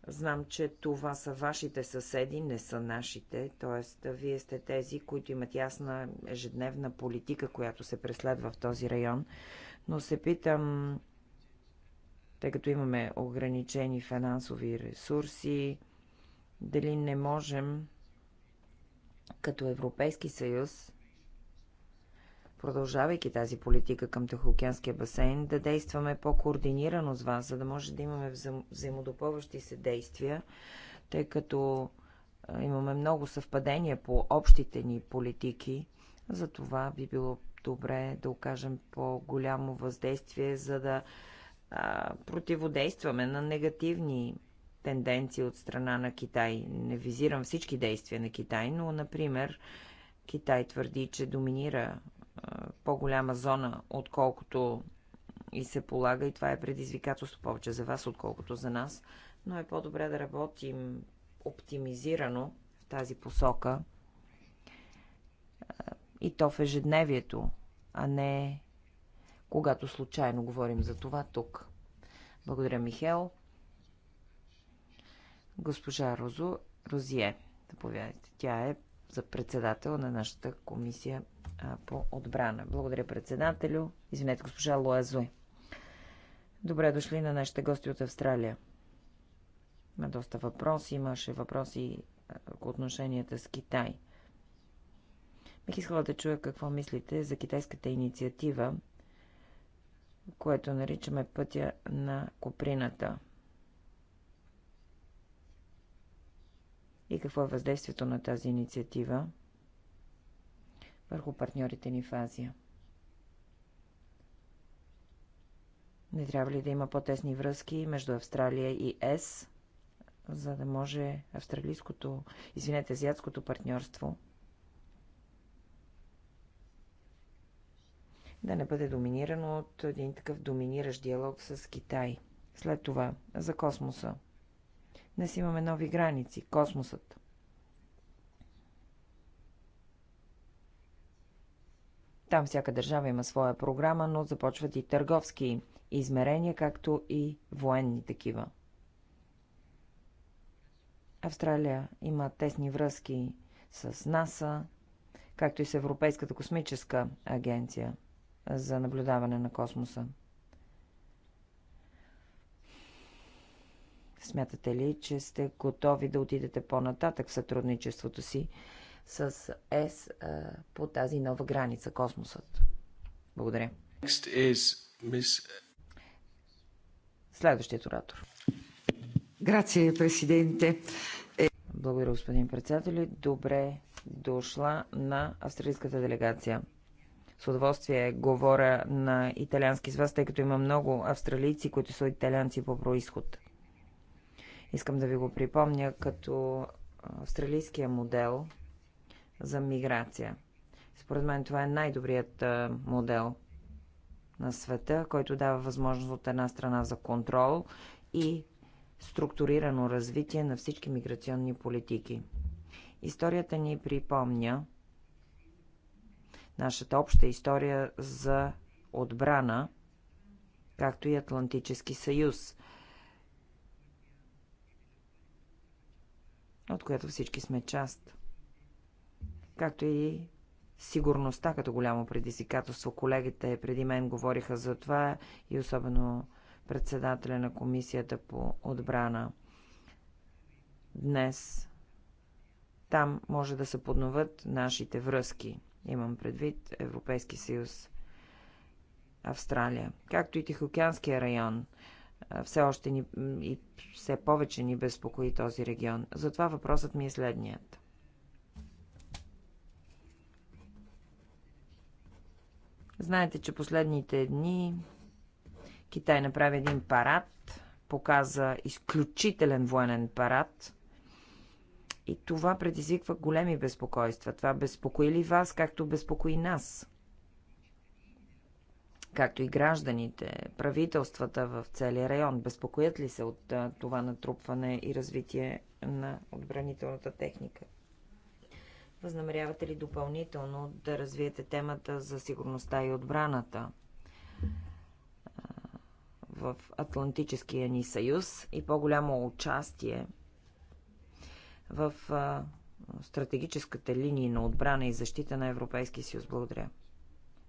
Знам, че това са вашите съседи, не са нашите, т.е. вие сте тези, които имат ясна ежедневна политика, която се преследва в този район. Но се питам, тъй като имаме ограничени финансови ресурси, дали не можем като Европейски съюз продължавайки тази политика към Тихоокеанския басейн, да действаме по-координирано с вас, за да може да имаме взаимодопълващи се действия, тъй като имаме много съвпадения по общите ни политики. За това би било добре да окажем по-голямо въздействие, за да а, противодействаме на негативни тенденции от страна на Китай. Не визирам всички действия на Китай, но, например, Китай твърди, че доминира по-голяма зона, отколкото и се полага, и това е предизвикателство повече за вас, отколкото за нас, но е по-добре да работим оптимизирано в тази посока и то в ежедневието, а не когато случайно говорим за това тук. Благодаря, Михел. Госпожа Розо Розие, заповядайте. Тя е за председател на нашата комисия по отбрана. Благодаря председателю. Извинете, госпожа Лоазуе. Добре дошли на нашите гости от Австралия. Има доста въпроси. Имаше въпроси по отношенията с Китай. Бих искала да чуя какво мислите за китайската инициатива, което наричаме пътя на Коприната. И какво е въздействието на тази инициатива върху партньорите ни в Азия. Не трябва ли да има по-тесни връзки между Австралия и ЕС, за да може австралийското, извинете, азиатското партньорство да не бъде доминирано от един такъв доминиращ диалог с Китай. След това, за космоса. Днес имаме нови граници. Космосът. Там всяка държава има своя програма, но започват и търговски измерения, както и военни такива. Австралия има тесни връзки с НАСА, както и с Европейската космическа агенция за наблюдаване на космоса. Смятате ли, че сте готови да отидете по-нататък в сътрудничеството си с ЕС по тази нова граница, космосът. Благодаря. Следващият оратор. Грация, президенте. Е- Благодаря, господин председател. Добре дошла на австралийската делегация. С удоволствие говоря на италиански с вас, тъй като има много австралийци, които са италианци по происход. Искам да ви го припомня като австралийския модел – за миграция. Според мен това е най-добрият модел на света, който дава възможност от една страна за контрол и структурирано развитие на всички миграционни политики. Историята ни припомня нашата обща история за отбрана, както и Атлантически съюз, от която всички сме част както и сигурността като голямо предизвикателство. Колегите преди мен говориха за това и особено председателя на комисията по отбрана днес. Там може да се подноват нашите връзки. Имам предвид Европейски съюз, Австралия, както и Тихоокеанския район. Все още ни, и все повече ни безпокои този регион. Затова въпросът ми е следният. Знаете, че последните дни Китай направи един парад, показа изключителен военен парад. И това предизвиква големи безпокойства. Това безпокои ли вас, както безпокои нас? Както и гражданите, правителствата в целия район, безпокоят ли се от това натрупване и развитие на отбранителната техника? Възнамерявате ли допълнително да развиете темата за сигурността и отбраната в Атлантическия ни съюз и по-голямо участие в стратегическата линия на отбрана и защита на Европейския съюз? Благодаря.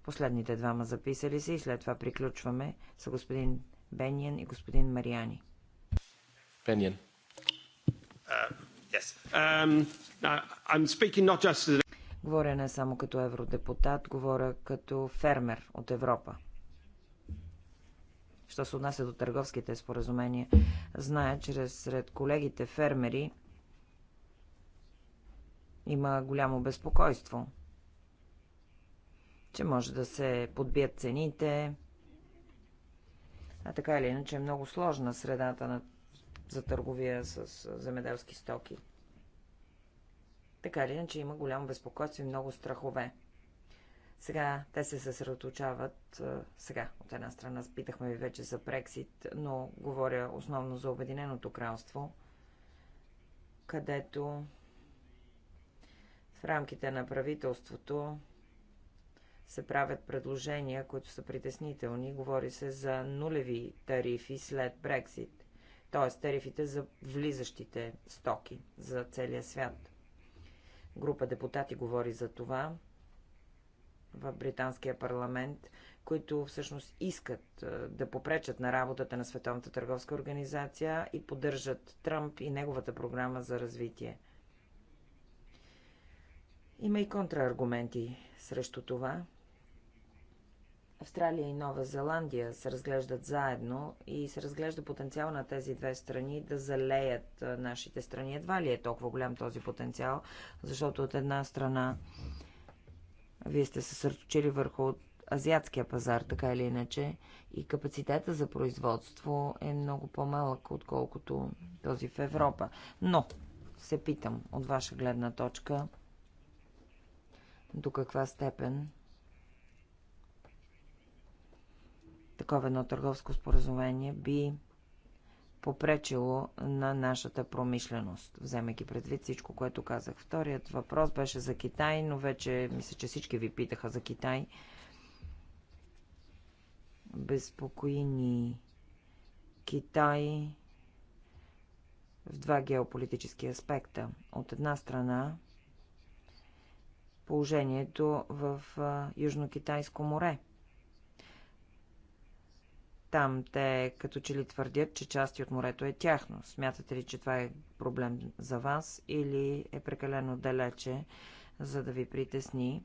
Последните двама записали се и след това приключваме с господин Бениен и господин Мариани. Бениен. Yes. Um, I'm speaking not just to the... Говоря не само като евродепутат, говоря като фермер от Европа. Що се отнася до търговските споразумения, зная, че сред колегите фермери има голямо безпокойство, че може да се подбият цените, а така или иначе е много сложна средата на за търговия с земеделски стоки. Така или иначе има голямо безпокойство и много страхове. Сега те се съсредоточават. Сега, от една страна, спитахме ви вече за Брексит, но говоря основно за Обединеното кралство, където в рамките на правителството се правят предложения, които са притеснителни. Говори се за нулеви тарифи след Брексит т.е. тарифите за влизащите стоки за целия свят. Група депутати говори за това в британския парламент, които всъщност искат е, да попречат на работата на Световната търговска организация и поддържат Тръмп и неговата програма за развитие. Има и контрааргументи срещу това, Австралия и Нова Зеландия се разглеждат заедно и се разглежда потенциал на тези две страни да залеят нашите страни. Едва ли е толкова голям този потенциал, защото от една страна вие сте се сърточили върху азиатския пазар, така или иначе, и капацитета за производство е много по-малък, отколкото този в Европа. Но се питам от ваша гледна точка до каква степен Такова едно търговско споразумение би попречило на нашата промишленост, вземайки предвид всичко, което казах. Вторият въпрос беше за Китай, но вече мисля, че всички ви питаха за Китай. Безпокоини Китай в два геополитически аспекта. От една страна положението в Южно-Китайско море – там те като че ли твърдят, че части от морето е тяхно. Смятате ли, че това е проблем за вас или е прекалено далече, за да ви притесни?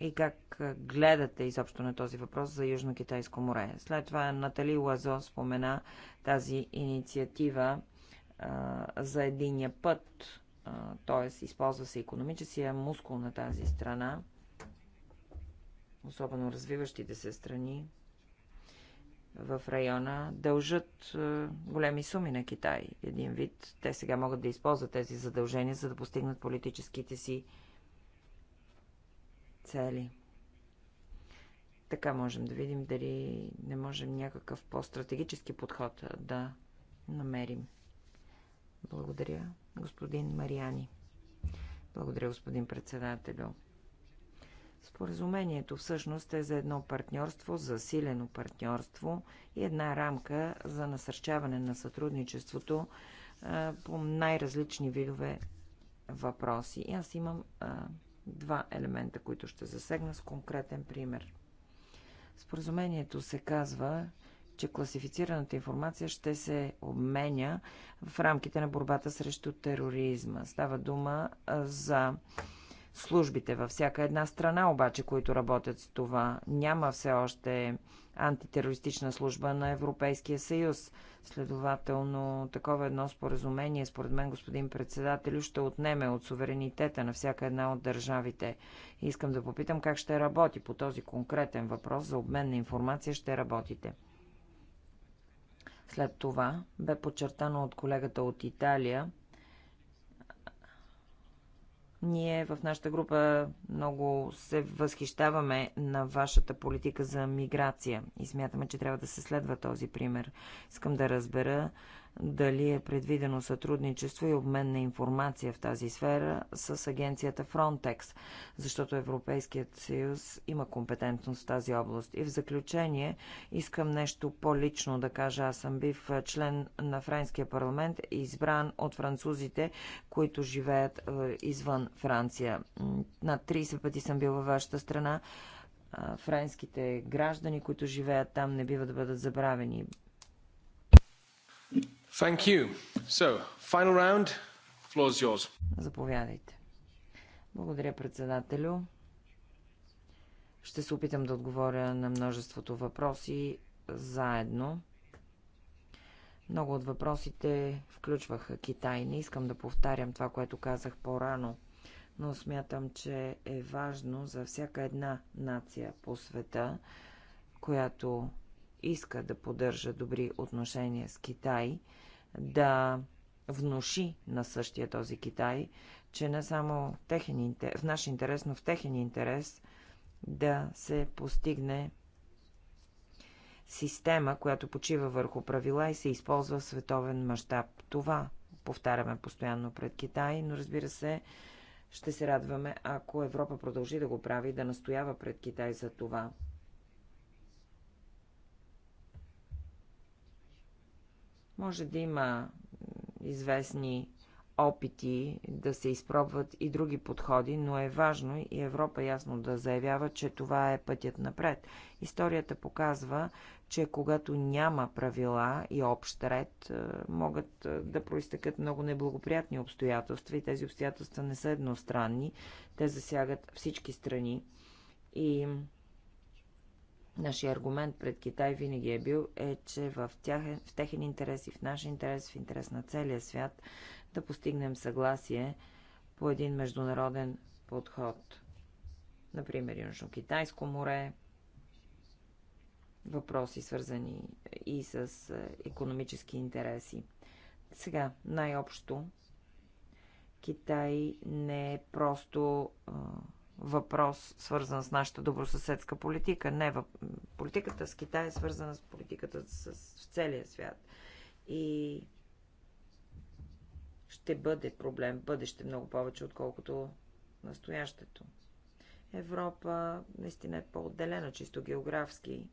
И как гледате изобщо на този въпрос за Южно-Китайско море? След това Натали Лазо спомена тази инициатива а, за единия път, т.е. използва се економическия мускул на тази страна, особено развиващите се страни в района дължат е, големи суми на Китай. Един вид, те сега могат да използват тези задължения, за да постигнат политическите си цели. Така можем да видим дали не можем някакъв по-стратегически подход да намерим. Благодаря, господин Мариани. Благодаря, господин председателю. Споразумението всъщност е за едно партньорство, засилено партньорство и една рамка за насърчаване на сътрудничеството по най-различни видове въпроси. И аз имам два елемента, които ще засегна с конкретен пример. Споразумението се казва, че класифицираната информация ще се обменя в рамките на борбата срещу тероризма. Става дума за службите във всяка една страна, обаче, които работят с това. Няма все още антитерористична служба на Европейския съюз. Следователно, такова едно споразумение, според мен, господин председател, ще отнеме от суверенитета на всяка една от държавите. Искам да попитам как ще работи по този конкретен въпрос за обмен на информация ще работите. След това бе подчертано от колегата от Италия, ние в нашата група много се възхищаваме на вашата политика за миграция и смятаме, че трябва да се следва този пример. Искам да разбера дали е предвидено сътрудничество и обмен на информация в тази сфера с агенцията Frontex, защото Европейският съюз има компетентност в тази област. И в заключение искам нещо по-лично да кажа. Аз съм бив член на Френския парламент, избран от французите, които живеят извън Франция. На 30 пъти съм бил във вашата страна. Френските граждани, които живеят там, не бива да бъдат забравени. Thank you. So, final round. Floor is yours. Заповядайте. Благодаря, председателю. Ще се опитам да отговоря на множеството въпроси заедно. Много от въпросите включваха Китай. Не искам да повтарям това, което казах по-рано, но смятам, че е важно за всяка една нация по света, която иска да поддържа добри отношения с Китай, да внуши на същия този Китай, че не само техен интерес, в наш интерес, но в техен интерес да се постигне система, която почива върху правила и се използва в световен мащаб. Това повтаряме постоянно пред Китай, но разбира се, ще се радваме, ако Европа продължи да го прави, да настоява пред Китай за това. Може да има известни опити да се изпробват и други подходи, но е важно и Европа ясно да заявява, че това е пътят напред. Историята показва, че когато няма правила и общ ред, е, могат е, да проистъкат много неблагоприятни обстоятелства и тези обстоятелства не са едностранни. Те засягат всички страни и Нашия аргумент пред Китай винаги е бил, е, че в, тях, е, в техен интерес и в наш интерес, в интерес на целия свят, да постигнем съгласие по един международен подход. Например, Южно-Китайско море, въпроси свързани и с економически интереси. Сега, най-общо, Китай не е просто въпрос, свързан с нашата добросъседска политика. Не, въп... политиката с Китай е свързана с политиката с, с целия свят. И ще бъде проблем бъдеще много повече, отколкото настоящето. Европа наистина е по-отделена, чисто географски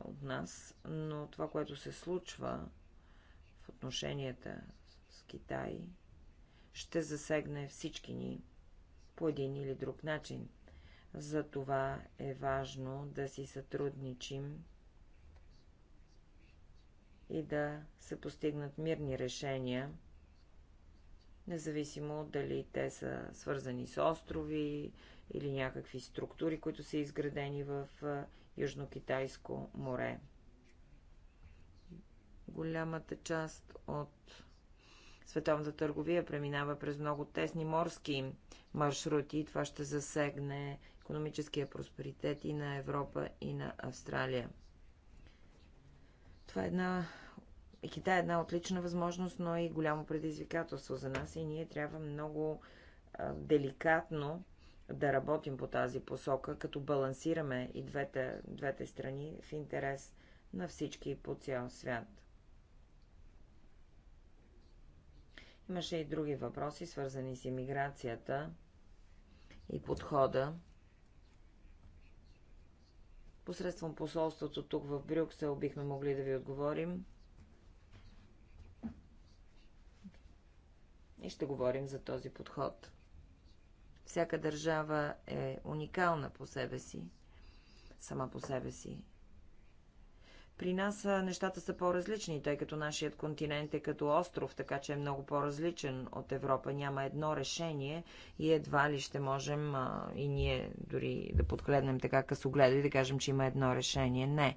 от нас, но това, което се случва в отношенията с Китай, ще засегне всички ни по един или друг начин. Затова е важно да си сътрудничим и да се постигнат мирни решения, независимо дали те са свързани с острови или някакви структури, които са изградени в Южно-Китайско море. Голямата част от Световната търговия преминава през много тесни морски маршрути и това ще засегне економическия просперитет и на Европа, и на Австралия. Това е една... Китай е една отлична възможност, но е и голямо предизвикателство за нас и ние трябва много а, деликатно да работим по тази посока, като балансираме и двете, двете страни в интерес на всички по цял свят. Имаше и други въпроси, свързани с иммиграцията и подхода. Посредством посолството тук в Брюксел бихме могли да ви отговорим. И ще говорим за този подход. Всяка държава е уникална по себе си, сама по себе си. При нас нещата са по-различни, тъй като нашият континент е като остров, така че е много по-различен от Европа. Няма едно решение и едва ли ще можем а, и ние дори да подгледнем така късогледа и да кажем, че има едно решение. Не.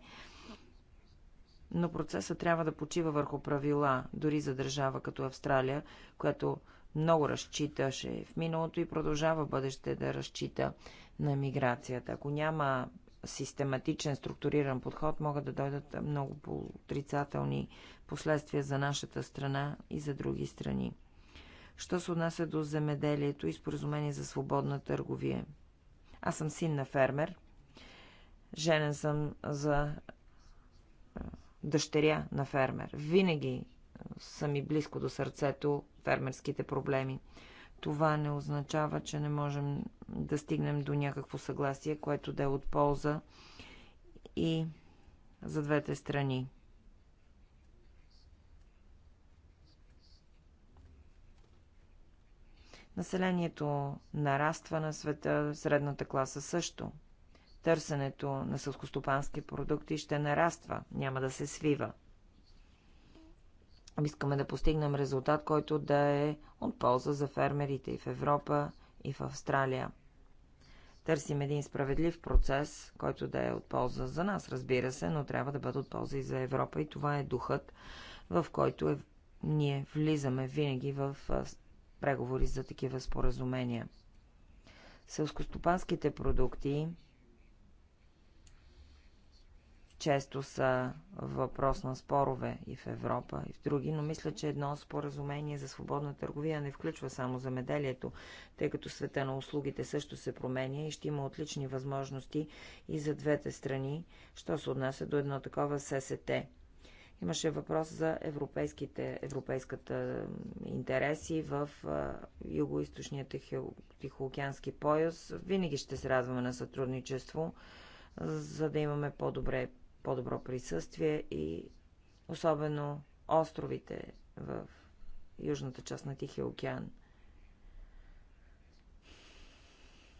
Но процесът трябва да почива върху правила, дори за държава като Австралия, която много разчиташе в миналото и продължава бъдеще да разчита на миграцията. Ако няма систематичен, структуриран подход могат да дойдат много отрицателни последствия за нашата страна и за други страни. Що се отнася до земеделието и споразумение за свободна търговия? Аз съм син на фермер. Женен съм за дъщеря на фермер. Винаги са ми близко до сърцето фермерските проблеми. Това не означава, че не можем да стигнем до някакво съгласие, което да е от полза и за двете страни. Населението нараства на света, средната класа също. Търсенето на сълскостопански продукти ще нараства, няма да се свива. Ами искаме да постигнем резултат, който да е от полза за фермерите и в Европа, и в Австралия. Търсим един справедлив процес, който да е от полза за нас, разбира се, но трябва да бъде от полза и за Европа. И това е духът, в който е, ние влизаме винаги в преговори за такива споразумения. Селскостопанските продукти често са въпрос на спорове и в Европа, и в други, но мисля, че едно споразумение за свободна търговия не включва само замеделието, тъй като света на услугите също се променя и ще има отлични възможности и за двете страни, що се отнася до едно такова ССТ. Имаше въпрос за европейските, европейската интереси в юго-источния Тихоокеански пояс. Винаги ще се радваме на сътрудничество за да имаме по-добре по-добро присъствие и особено островите в южната част на Тихия океан.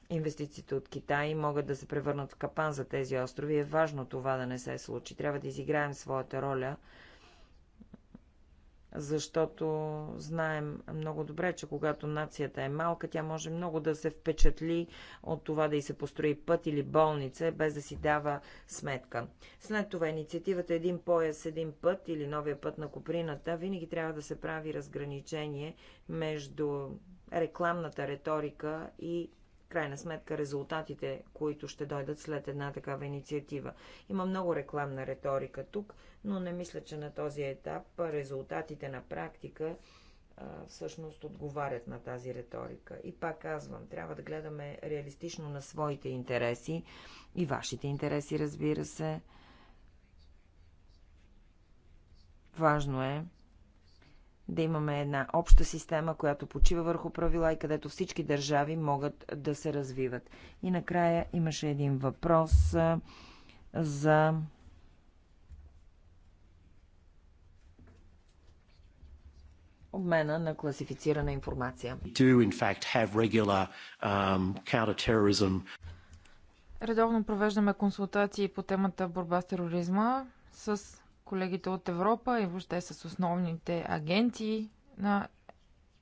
Инвестициите от Китай могат да се превърнат в капан за тези острови. Е важно това да не се случи. Трябва да изиграем своята роля защото знаем много добре, че когато нацията е малка, тя може много да се впечатли от това да й се построи път или болница, без да си дава сметка. След това инициативата Един пояс, един път или новия път на Куприната, винаги трябва да се прави разграничение между рекламната риторика и крайна сметка резултатите, които ще дойдат след една такава инициатива. Има много рекламна риторика тук, но не мисля, че на този етап резултатите на практика всъщност отговарят на тази риторика. И пак казвам, трябва да гледаме реалистично на своите интереси и вашите интереси, разбира се. Важно е да имаме една обща система, която почива върху правила и където всички държави могат да се развиват. И накрая имаше един въпрос за обмена на класифицирана информация. Um, Редовно провеждаме консултации по темата борба с тероризма с колегите от Европа и въобще с основните агенти на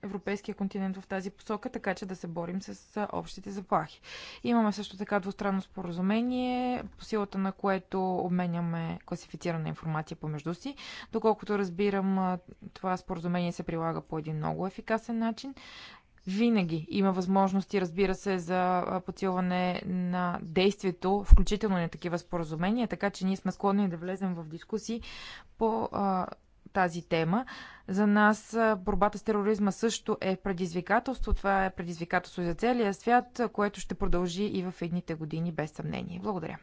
европейския континент в тази посока, така че да се борим с общите заплахи. Имаме също така двустранно споразумение, по силата на което обменяме класифицирана информация помежду си. Доколкото разбирам, това споразумение се прилага по един много ефикасен начин. Винаги има възможности, разбира се, за подсилване на действието, включително на такива споразумения, така че ние сме склонни да влезем в дискусии по а, тази тема. За нас борбата с тероризма също е предизвикателство. Това е предизвикателство за целия свят, което ще продължи и в едните години, без съмнение. Благодаря.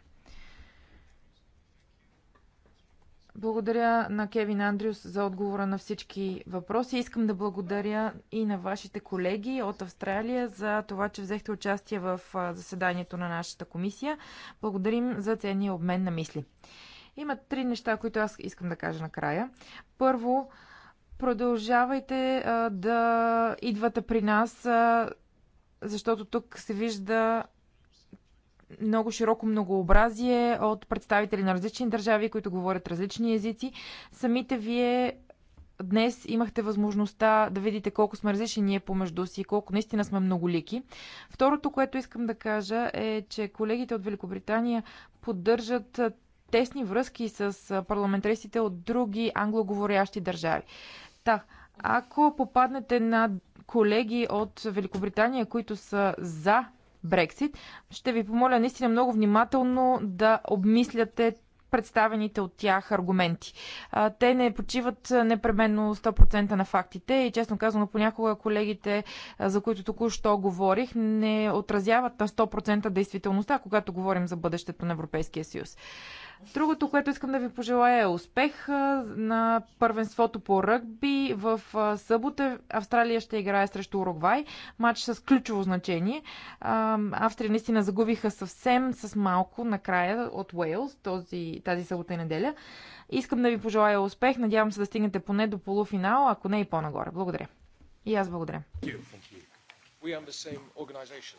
Благодаря на Кевин Андрюс за отговора на всички въпроси. Искам да благодаря и на вашите колеги от Австралия за това, че взехте участие в заседанието на нашата комисия. Благодарим за ценния обмен на мисли. Има три неща, които аз искам да кажа накрая. Първо, продължавайте а, да идвате при нас, а, защото тук се вижда много широко многообразие от представители на различни държави, които говорят различни езици. Самите вие днес имахте възможността да видите колко сме различни ние помежду си, колко наистина сме многолики. Второто, което искам да кажа е, че колегите от Великобритания поддържат тесни връзки с парламентаристите от други англоговорящи държави. Та, ако попаднете на колеги от Великобритания, които са за Брексит. Ще ви помоля наистина много внимателно да обмисляте представените от тях аргументи. Те не почиват непременно 100% на фактите и честно казано понякога колегите, за които току-що говорих, не отразяват на 100% действителността, когато говорим за бъдещето на Европейския съюз. Другото, което искам да ви пожелая е успех на първенството по ръгби. В събота Австралия ще играе срещу Уругвай. Матч с ключово значение. Австрия наистина загубиха съвсем с малко накрая от Уейлс този, тази събота и неделя. Искам да ви пожелая успех. Надявам се да стигнете поне до полуфинал, ако не и по-нагоре. Благодаря. И аз благодаря. Thank you. Thank you.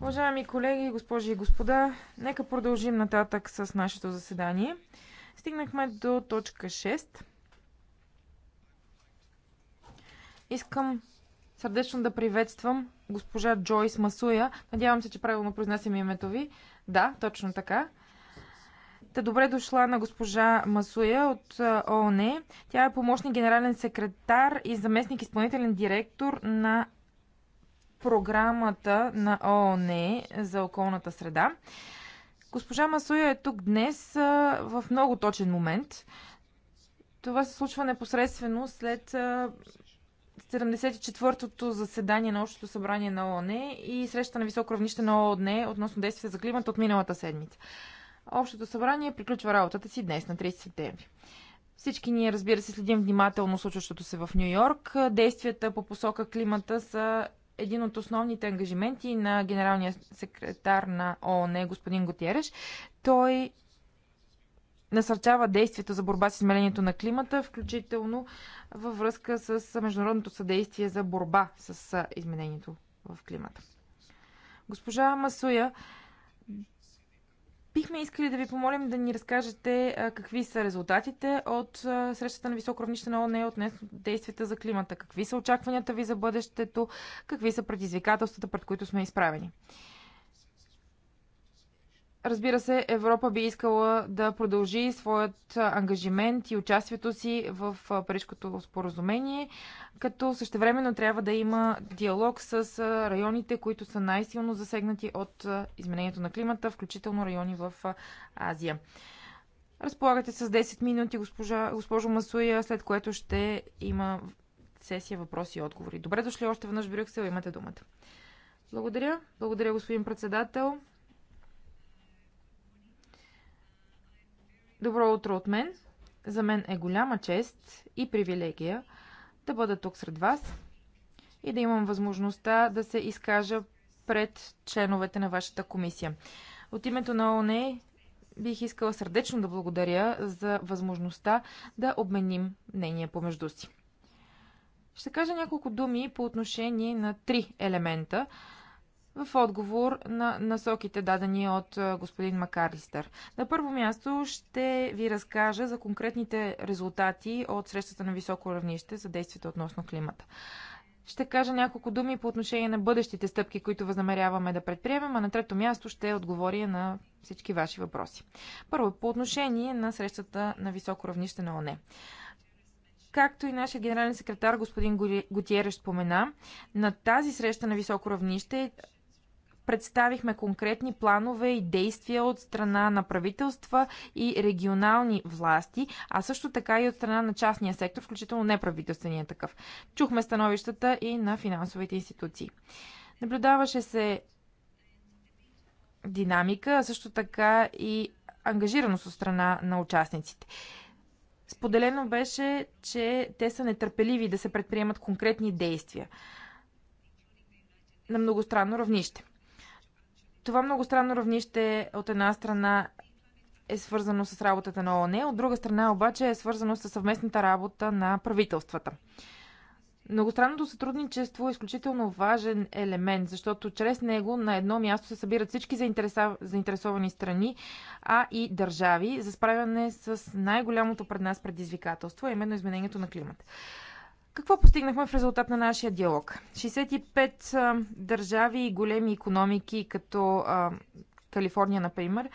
Уважаеми колеги, госпожи и господа, нека продължим нататък с нашето заседание. Стигнахме до точка 6. Искам сърдечно да приветствам госпожа Джойс Масуя. Надявам се, че правилно произнасям името ви. Да, точно така. Та добре дошла на госпожа Масуя от ООН. Тя е помощник генерален секретар и заместник изпълнителен директор на програмата на ООН за околната среда. Госпожа Масуя е тук днес в много точен момент. Това се случва непосредствено след 74-тото заседание на Общото събрание на ООН и среща на високо равнище на ООН относно действия за климата от миналата седмица. Общото събрание приключва работата си днес, на 30 септември. Всички ние, разбира се, следим внимателно случващото се в Нью Йорк. Действията по посока климата са един от основните ангажименти на генералния секретар на ООН, господин Готиереш. Той насърчава действието за борба с измерението на климата, включително във връзка с международното съдействие за борба с изменението в климата. Госпожа Масуя Бихме искали да ви помолим да ни разкажете какви са резултатите от срещата на високо равнище на ОНЕ от действията за климата. Какви са очакванията ви за бъдещето? Какви са предизвикателствата, пред които сме изправени? Разбира се, Европа би искала да продължи своят ангажимент и участието си в Парижкото споразумение, като същевременно трябва да има диалог с районите, които са най-силно засегнати от изменението на климата, включително райони в Азия. Разполагате с 10 минути, госпожа, госпожо Масуя, след което ще има сесия въпроси и отговори. Добре дошли още веднъж в Брюксел, имате думата. Благодаря. Благодаря, господин председател. Добро утро от мен! За мен е голяма чест и привилегия да бъда тук сред вас и да имам възможността да се изкажа пред членовете на вашата комисия. От името на ОНЕ бих искала сърдечно да благодаря за възможността да обменим мнение помежду си. Ще кажа няколко думи по отношение на три елемента, в отговор на насоките дадени от господин Макаристър. На първо място ще ви разкажа за конкретните резултати от срещата на високо равнище за действията относно климата. Ще кажа няколко думи по отношение на бъдещите стъпки, които възнамеряваме да предприемем, а на трето място ще отговоря на всички ваши въпроси. Първо, по отношение на срещата на високо равнище на ОНЕ. Както и нашия генерален секретар господин Готиереш спомена, на тази среща на високо равнище представихме конкретни планове и действия от страна на правителства и регионални власти, а също така и от страна на частния сектор, включително неправителствения такъв. Чухме становищата и на финансовите институции. Наблюдаваше се динамика, а също така и ангажираност от страна на участниците. Споделено беше, че те са нетърпеливи да се предприемат конкретни действия на многостранно равнище. Това много странно равнище от една страна е свързано с работата на ООН, от друга страна обаче е свързано с съвместната работа на правителствата. Многостранното сътрудничество е изключително важен елемент, защото чрез него на едно място се събират всички заинтересовани страни, а и държави за справяне с най-голямото пред нас предизвикателство, именно изменението на климата. Какво постигнахме в резултат на нашия диалог? 65 държави и големи економики, като а, Калифорния, например,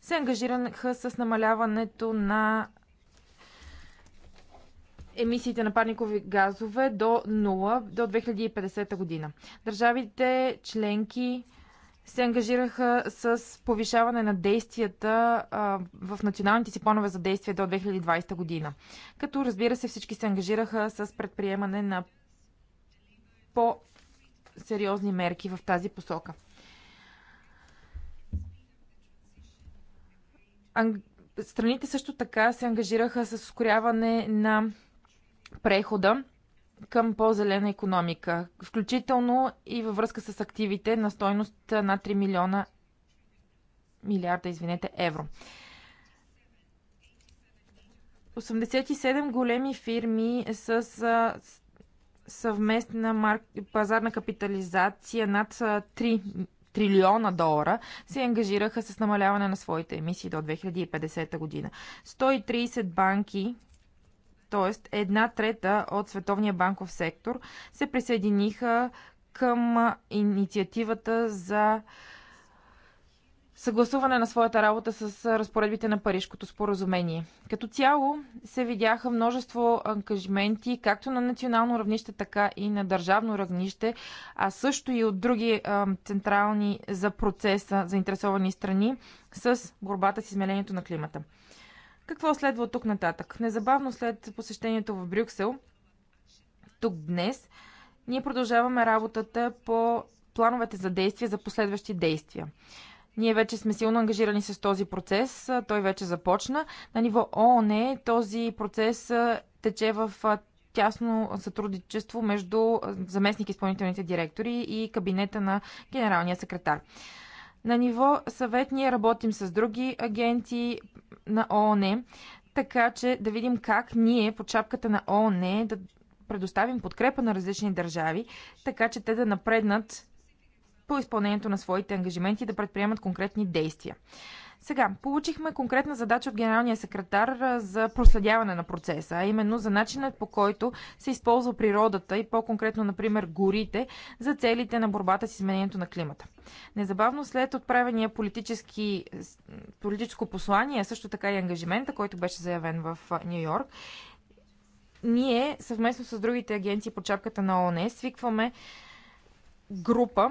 се ангажираха с намаляването на емисиите на парникови газове до 0 до 2050 година. Държавите членки се ангажираха с повишаване на действията а, в националните си планове за действие до 2020 година. Като разбира се всички се ангажираха с предприемане на по-сериозни мерки в тази посока. Анг... Страните също така се ангажираха с ускоряване на прехода към по-зелена економика, включително и във връзка с активите на стойност на 3 милиона милиарда, извинете, евро. 87 големи фирми с съвместна марк... пазарна капитализация над 3 трилиона долара се ангажираха с намаляване на своите емисии до 2050 година. 130 банки т.е. една трета от Световния банков сектор, се присъединиха към инициативата за съгласуване на своята работа с разпоредбите на Парижкото споразумение. Като цяло се видяха множество ангажименти, както на национално равнище, така и на държавно равнище, а също и от други централни за процеса заинтересовани страни с борбата с изменението на климата. Какво следва от тук нататък? Незабавно след посещението в Брюксел, тук днес, ние продължаваме работата по плановете за действие за последващи действия. Ние вече сме силно ангажирани с този процес. Той вече започна. На ниво ООН е, този процес тече в тясно сътрудничество между заместник изпълнителните директори и кабинета на генералния секретар. На ниво съвет ние работим с други агенти на ООН, така че да видим как ние по чапката на ООН да предоставим подкрепа на различни държави, така че те да напреднат по изпълнението на своите ангажименти и да предприемат конкретни действия. Сега, получихме конкретна задача от генералния секретар за проследяване на процеса, а именно за начинът по който се използва природата и по-конкретно, например, горите за целите на борбата с изменението на климата. Незабавно след отправения политически, политическо послание, също така и ангажимента, който беше заявен в Нью Йорк, ние съвместно с другите агенции по чапката на ООН свикваме група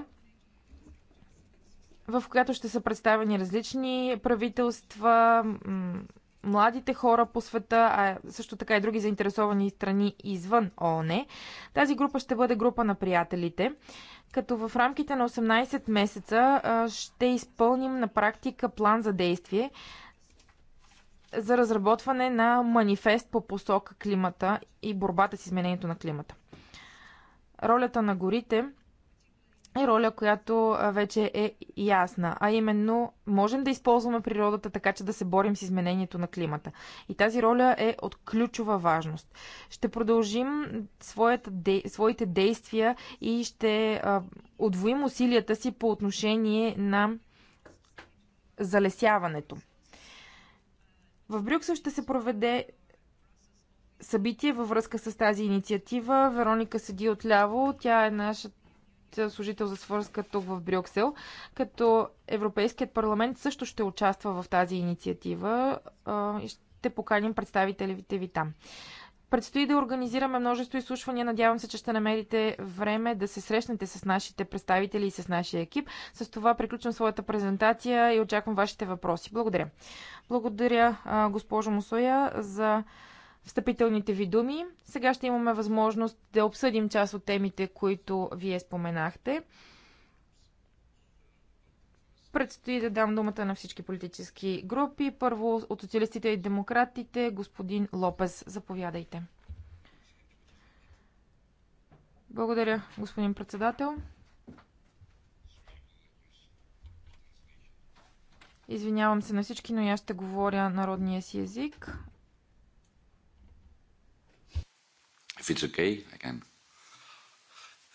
в която ще са представени различни правителства, младите хора по света, а също така и други заинтересовани страни извън ООН. Тази група ще бъде група на приятелите, като в рамките на 18 месеца ще изпълним на практика план за действие за разработване на манифест по посока климата и борбата с изменението на климата. Ролята на горите – е роля, която вече е ясна, а именно можем да използваме природата така, че да се борим с изменението на климата. И тази роля е от ключова важност. Ще продължим своята, де, своите действия и ще а, отвоим усилията си по отношение на залесяването. В Брюксел ще се проведе събитие във връзка с тази инициатива. Вероника седи отляво. Тя е нашата служител за свързка тук в Брюксел, като Европейският парламент също ще участва в тази инициатива и ще поканим представителите ви там. Предстои да организираме множество изслушвания. Надявам се, че ще намерите време да се срещнете с нашите представители и с нашия екип. С това приключвам своята презентация и очаквам вашите въпроси. Благодаря. Благодаря, госпожо Мусоя, за встъпителните ви думи. Сега ще имаме възможност да обсъдим част от темите, които вие споменахте. Предстои да дам думата на всички политически групи. Първо от социалистите и демократите, господин Лопес. Заповядайте. Благодаря, господин председател. Извинявам се на всички, но аз ще говоря народния си език. If it's okay, I can.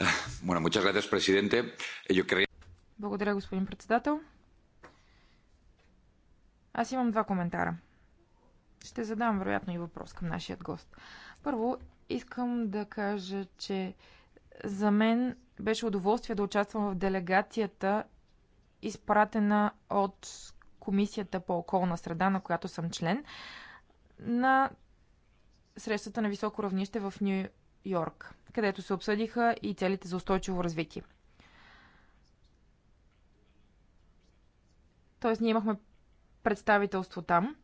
Bueno, muchas gracias, presidente. Yo Благодаря, господин председател. Аз имам два коментара. Ще задам, вероятно, и въпрос към нашия гост. Първо, искам да кажа, че за мен беше удоволствие да участвам в делегацията, изпратена от Комисията по околна среда, на която съм член, на срещата на високо равнище в Нью Йорк, където се обсъдиха и целите за устойчиво развитие. Тоест, ние имахме представителство там,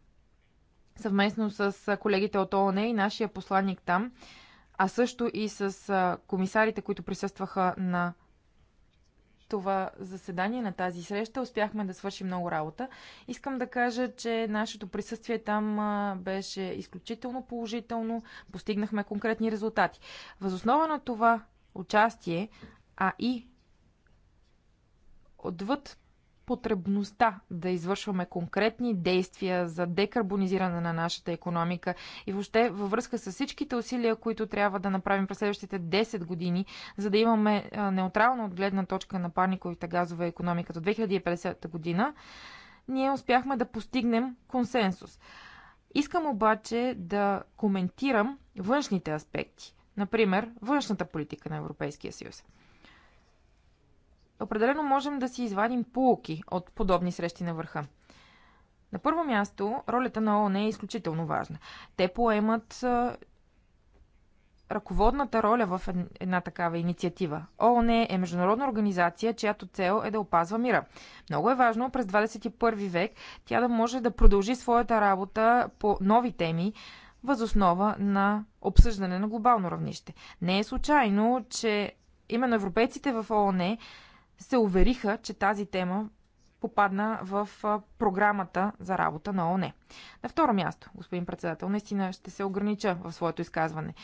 съвместно с колегите от ООН и нашия посланник там, а също и с комисарите, които присъстваха на това заседание, на тази среща, успяхме да свършим много работа. Искам да кажа, че нашето присъствие там беше изключително положително, постигнахме конкретни резултати. Възоснова на това участие, а и отвъд потребността да извършваме конкретни действия за декарбонизиране на нашата економика и въобще във връзка с всичките усилия, които трябва да направим през следващите 10 години, за да имаме неутрална от гледна точка на парниковите газове економика до 2050 година, ние успяхме да постигнем консенсус. Искам обаче да коментирам външните аспекти. Например, външната политика на Европейския съюз определено можем да си извадим полуки от подобни срещи на върха. На първо място, ролята на ООН е изключително важна. Те поемат ръководната роля в една такава инициатива. ООН е международна организация, чиято цел е да опазва мира. Много е важно през 21 век тя да може да продължи своята работа по нови теми, възоснова на обсъждане на глобално равнище. Не е случайно, че именно европейците в ООН се увериха, че тази тема попадна в програмата за работа на ОНЕ. На второ място, господин председател, наистина ще се огранича в своето изказване.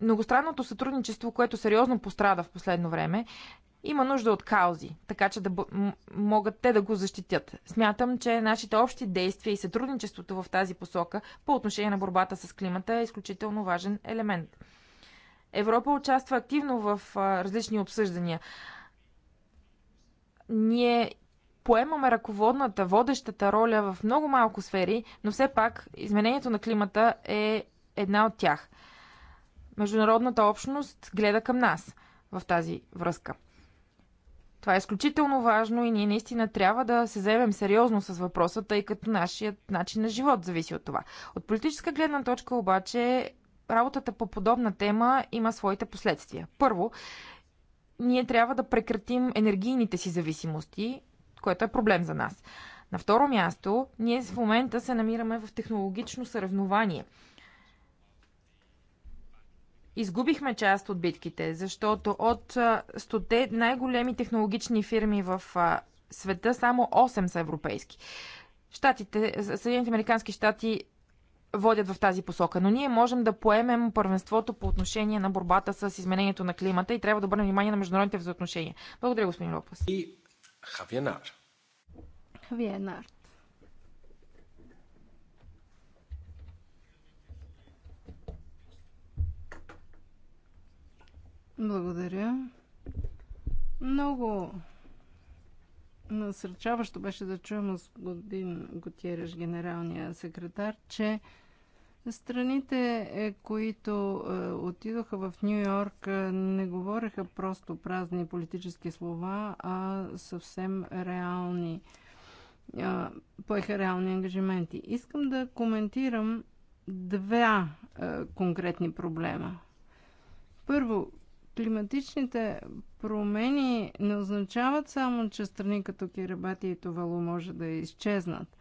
Многостранното сътрудничество, което сериозно пострада в последно време, има нужда от каузи, така че да могат те да го защитят. Смятам, че нашите общи действия и сътрудничеството в тази посока по отношение на борбата с климата е изключително важен елемент. Европа участва активно в различни обсъждания. Ние поемаме ръководната, водещата роля в много малко сфери, но все пак изменението на климата е една от тях. Международната общност гледа към нас в тази връзка. Това е изключително важно и ние наистина трябва да се заемем сериозно с въпроса, тъй като нашият начин на живот зависи от това. От политическа гледна точка обаче работата по подобна тема има своите последствия. Първо, ние трябва да прекратим енергийните си зависимости, което е проблем за нас. На второ място, ние в момента се намираме в технологично съревнование. Изгубихме част от битките, защото от 100 най-големи технологични фирми в света само 8 са европейски. Штатите, Съединените американски щати водят в тази посока. Но ние можем да поемем първенството по отношение на борбата с изменението на климата и трябва да обърнем внимание на международните взаимоотношения. Благодаря, господин Лопас. И Хавиенар. Хавиенар. Благодаря. Много насърчаващо беше да чуем господин Готиереш, генералния секретар, че Страните, е, които е, отидоха в Нью Йорк, е, не говореха просто празни политически слова, а съвсем реални. Поеха реални ангажименти. Искам да коментирам два конкретни проблема. Първо, климатичните промени не означават само, че страни като Кирибати и Товало може да изчезнат.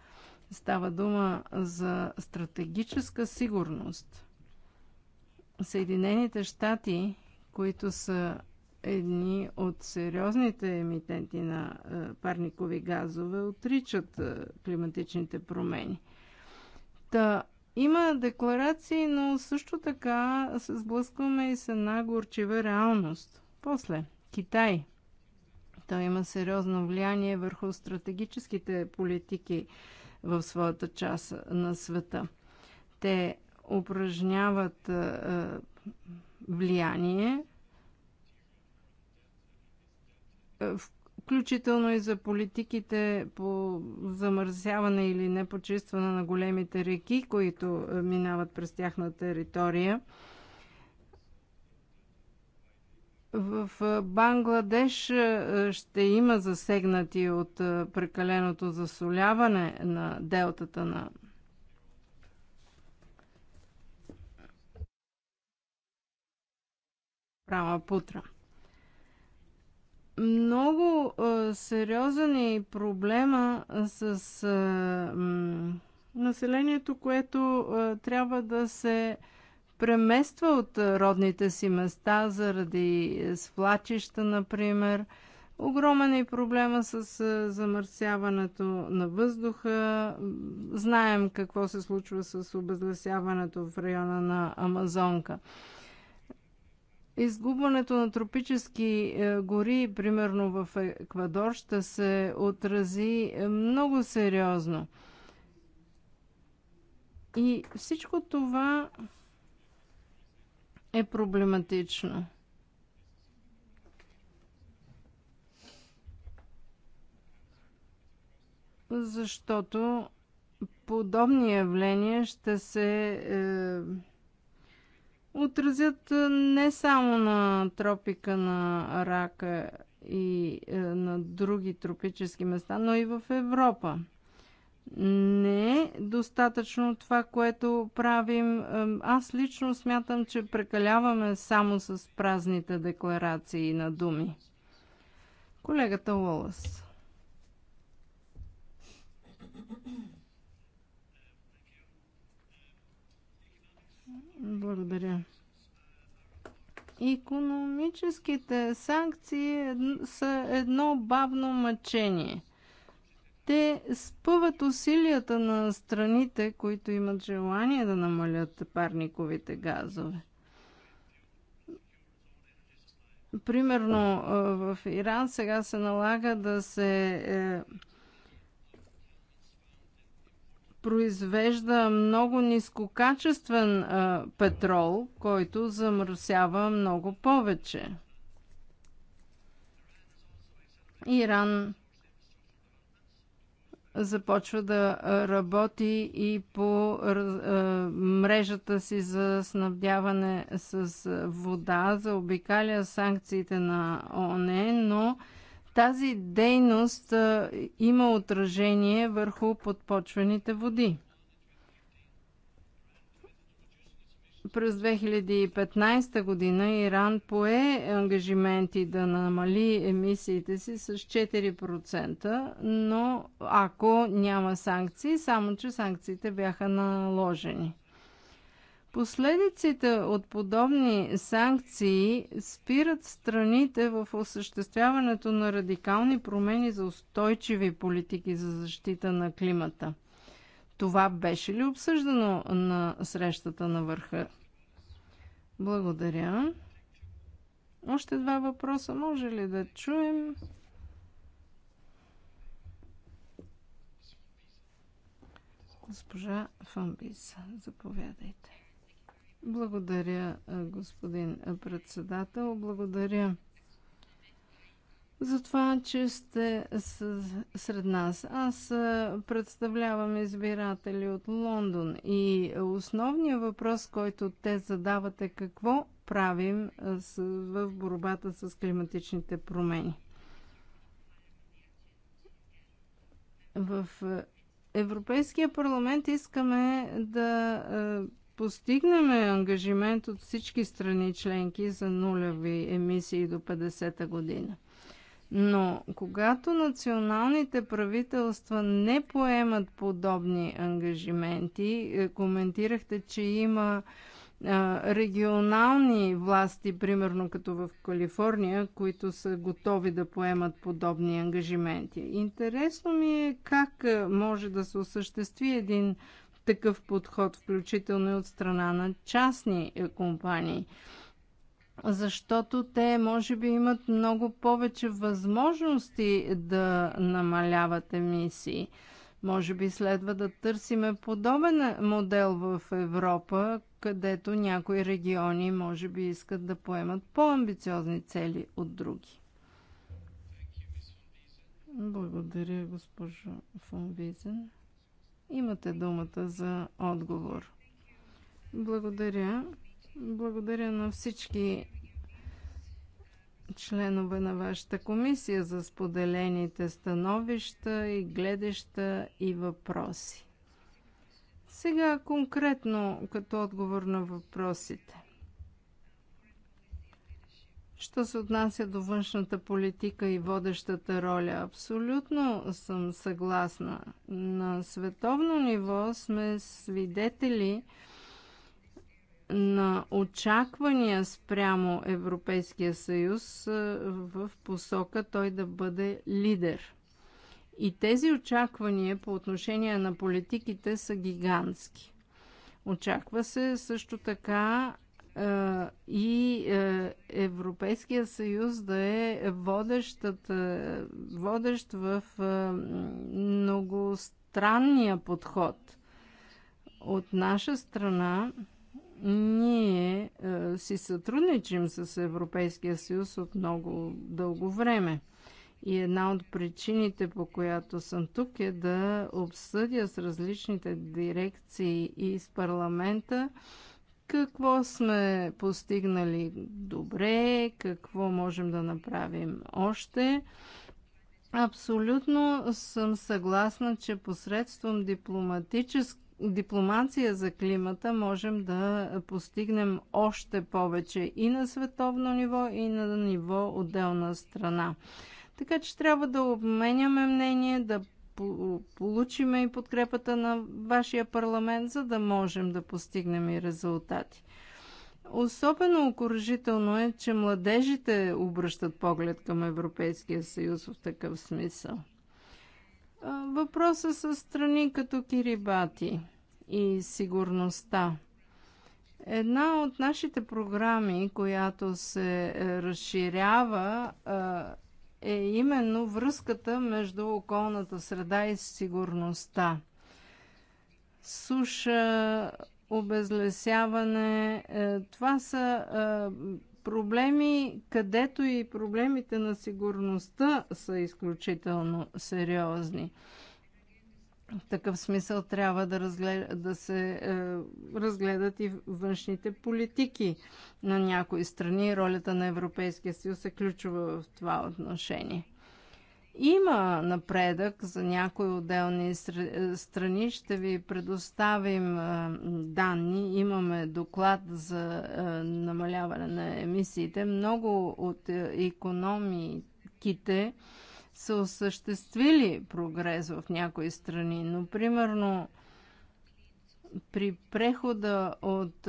Става дума за стратегическа сигурност. Съединените щати, които са едни от сериозните емитенти на е, парникови газове, отричат е, климатичните промени. Та има декларации, но също така се сблъскваме и с една горчива реалност. После, Китай. Той има сериозно влияние върху стратегическите политики в своята част на света. Те упражняват е, е, влияние, е, включително и за политиките по замърсяване или непочистване на големите реки, които минават през тяхна територия – в Бангладеш ще има засегнати от прекаленото засоляване на делтата на Права Путра. Много сериозен е проблема с населението, което трябва да се премества от родните си места заради свлачища, например. Огромен е проблема с замърсяването на въздуха. Знаем какво се случва с обезлесяването в района на Амазонка. Изгубването на тропически е, гори, примерно в Еквадор, ще се отрази е, много сериозно. И всичко това е проблематично. Защото подобни явления ще се е, отразят е, не само на тропика на рака и е, на други тропически места, но и в Европа не е достатъчно това, което правим. Аз лично смятам, че прекаляваме само с празните декларации на думи. Колегата Уолас. Благодаря. Икономическите санкции е са едно бавно мъчение – те спъват усилията на страните, които имат желание да намалят парниковите газове. Примерно в Иран сега се налага да се е, произвежда много нискокачествен петрол, който замърсява много повече. Иран започва да работи и по е, мрежата си за снабдяване с вода, заобикаля санкциите на ОНЕ, но тази дейност е, има отражение върху подпочвените води. През 2015 година Иран пое ангажименти да намали емисиите си с 4%, но ако няма санкции, само че санкциите бяха наложени. Последиците от подобни санкции спират страните в осъществяването на радикални промени за устойчиви политики за защита на климата. Това беше ли обсъждано на срещата на върха? Благодаря. Още два въпроса може ли да чуем? Госпожа Фамбис, заповядайте. Благодаря, господин председател. Благодаря за това, че сте сред нас. Аз представлявам избиратели от Лондон и основният въпрос, който те задават е какво правим в борбата с климатичните промени. В Европейския парламент искаме да постигнем ангажимент от всички страни членки за нулеви емисии до 50-та година – но когато националните правителства не поемат подобни ангажименти, е, коментирахте, че има регионални власти, примерно като в Калифорния, които са готови да поемат подобни ангажименти. Интересно ми е как е, може да се осъществи един такъв подход, включително и от страна на частни е, компании защото те може би имат много повече възможности да намаляват емисии. Може би следва да търсиме подобен модел в Европа, където някои региони може би искат да поемат по-амбициозни цели от други. Благодаря, госпожо фон Визен. Имате думата за отговор. Благодаря. Благодаря на всички членове на вашата комисия за споделените становища и гледаща и въпроси. Сега конкретно като отговор на въпросите. Що се отнася до външната политика и водещата роля, абсолютно съм съгласна. На световно ниво сме свидетели на очаквания спрямо Европейския съюз в посока той да бъде лидер. И тези очаквания по отношение на политиките са гигантски. Очаква се също така и Европейския съюз да е водещ в многостранния подход. От наша страна ние а, е, си сътрудничим с Европейския съюз от много дълго време. И една от причините, по която съм тук, е да обсъдя с различните дирекции и с парламента какво сме постигнали добре, какво можем да направим още. Абсолютно съм съгласна, че посредством дипломатически дипломация за климата можем да постигнем още повече и на световно ниво, и на ниво отделна страна. Така че трябва да обменяме мнение, да получиме и подкрепата на вашия парламент, за да можем да постигнем и резултати. Особено окоръжително е, че младежите обръщат поглед към Европейския съюз в такъв смисъл – Въпросът с страни като Кирибати и сигурността. Една от нашите програми, която се е, разширява, е именно връзката между околната среда и сигурността. Суша, обезлесяване, е, това са е, проблеми, където и проблемите на сигурността са изключително сериозни. В такъв смисъл трябва да, разглед... да се е, разгледат и външните политики на някои страни. Ролята на Европейския съюз е ключова в това отношение. Има напредък за някои отделни страни. Ще ви предоставим данни. Имаме доклад за намаляване на емисиите. Много от економиките са осъществили прогрес в някои страни, но примерно при прехода от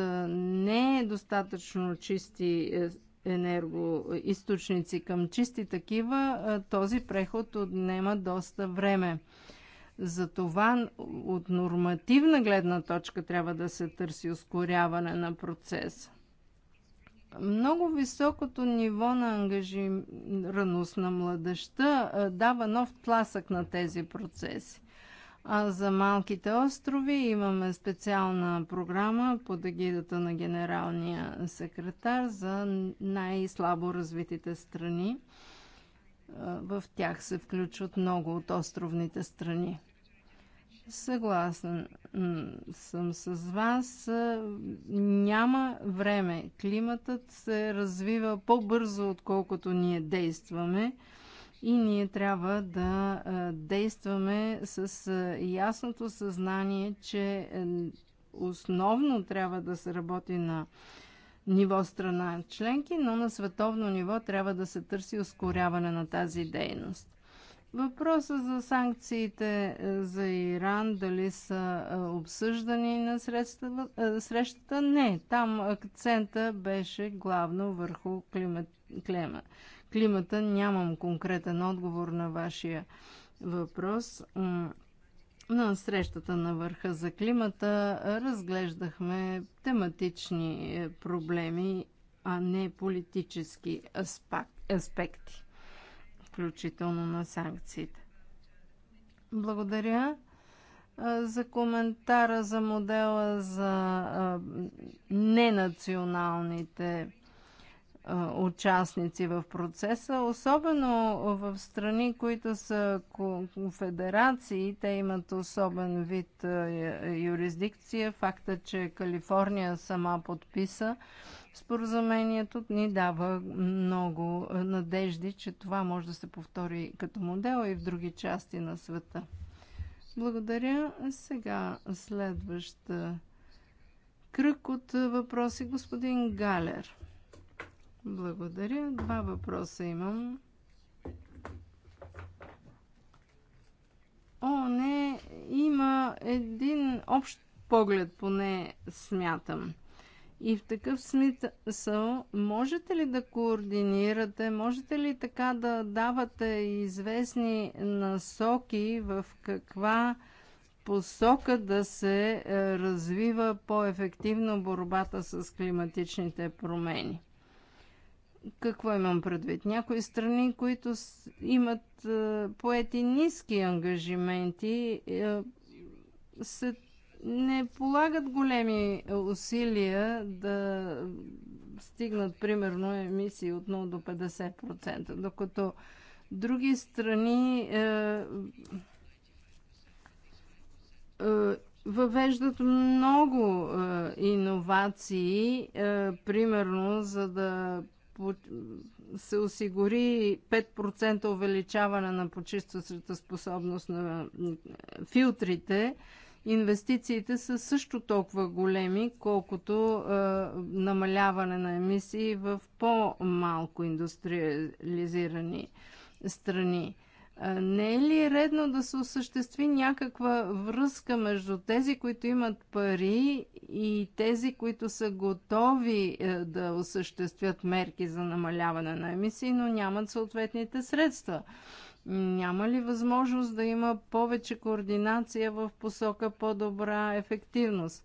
недостатъчно чисти е, енергоисточници към чисти такива, този преход отнема доста време. Затова от нормативна гледна точка трябва да се търси ускоряване на процеса. Много високото ниво на ангажираност на младеща дава нов тласък на тези процеси. А за малките острови имаме специална програма под егидата на генералния секретар за най-слабо развитите страни. Е, в тях се включват много от островните страни. Съгласен съм с вас. Е, няма време. Климатът се развива по-бързо, отколкото ние действаме и ние трябва да действаме с ясното съзнание, че е, основно трябва да се работи на ниво страна членки, но на световно ниво трябва да се търси ускоряване на тази дейност. Въпроса за санкциите е, за Иран, дали са е, обсъждани на средства, срещата, не. Там акцента беше главно върху климат, клема, климата. Нямам конкретен отговор на вашия въпрос. На срещата на върха за климата разглеждахме тематични е, проблеми, а не политически аспекти, включително на санкциите. Благодаря за коментара за модела за ненационалните участници в процеса, особено в страни, които са конфедерации, те имат особен вид юрисдикция. Факта, че Калифорния сама подписа споразумението, ни дава много надежди, че това може да се повтори като модел и в други части на света. Благодаря. Сега следващ кръг от въпроси господин Галер. Благодаря. Два въпроса имам. О, не, има един общ поглед, поне смятам. И в такъв смисъл, можете ли да координирате, можете ли така да давате известни насоки в каква посока да се е, развива по-ефективно борбата с климатичните промени? Какво имам предвид? Някои страни, които имат поети ниски ангажименти, се не полагат големи усилия да стигнат примерно емисии от 0 до 50%, докато други страни е, е, въвеждат много е, иновации, е, примерно за да се осигури 5% увеличаване на почистващата способност на филтрите, инвестициите са също толкова големи, колкото е, намаляване на емисии в по-малко индустриализирани страни. Не е ли редно да се осъществи някаква връзка между тези, които имат пари и тези, които са готови е, да осъществят мерки за намаляване на емисии, но нямат съответните средства? Няма ли възможност да има повече координация в посока по-добра ефективност?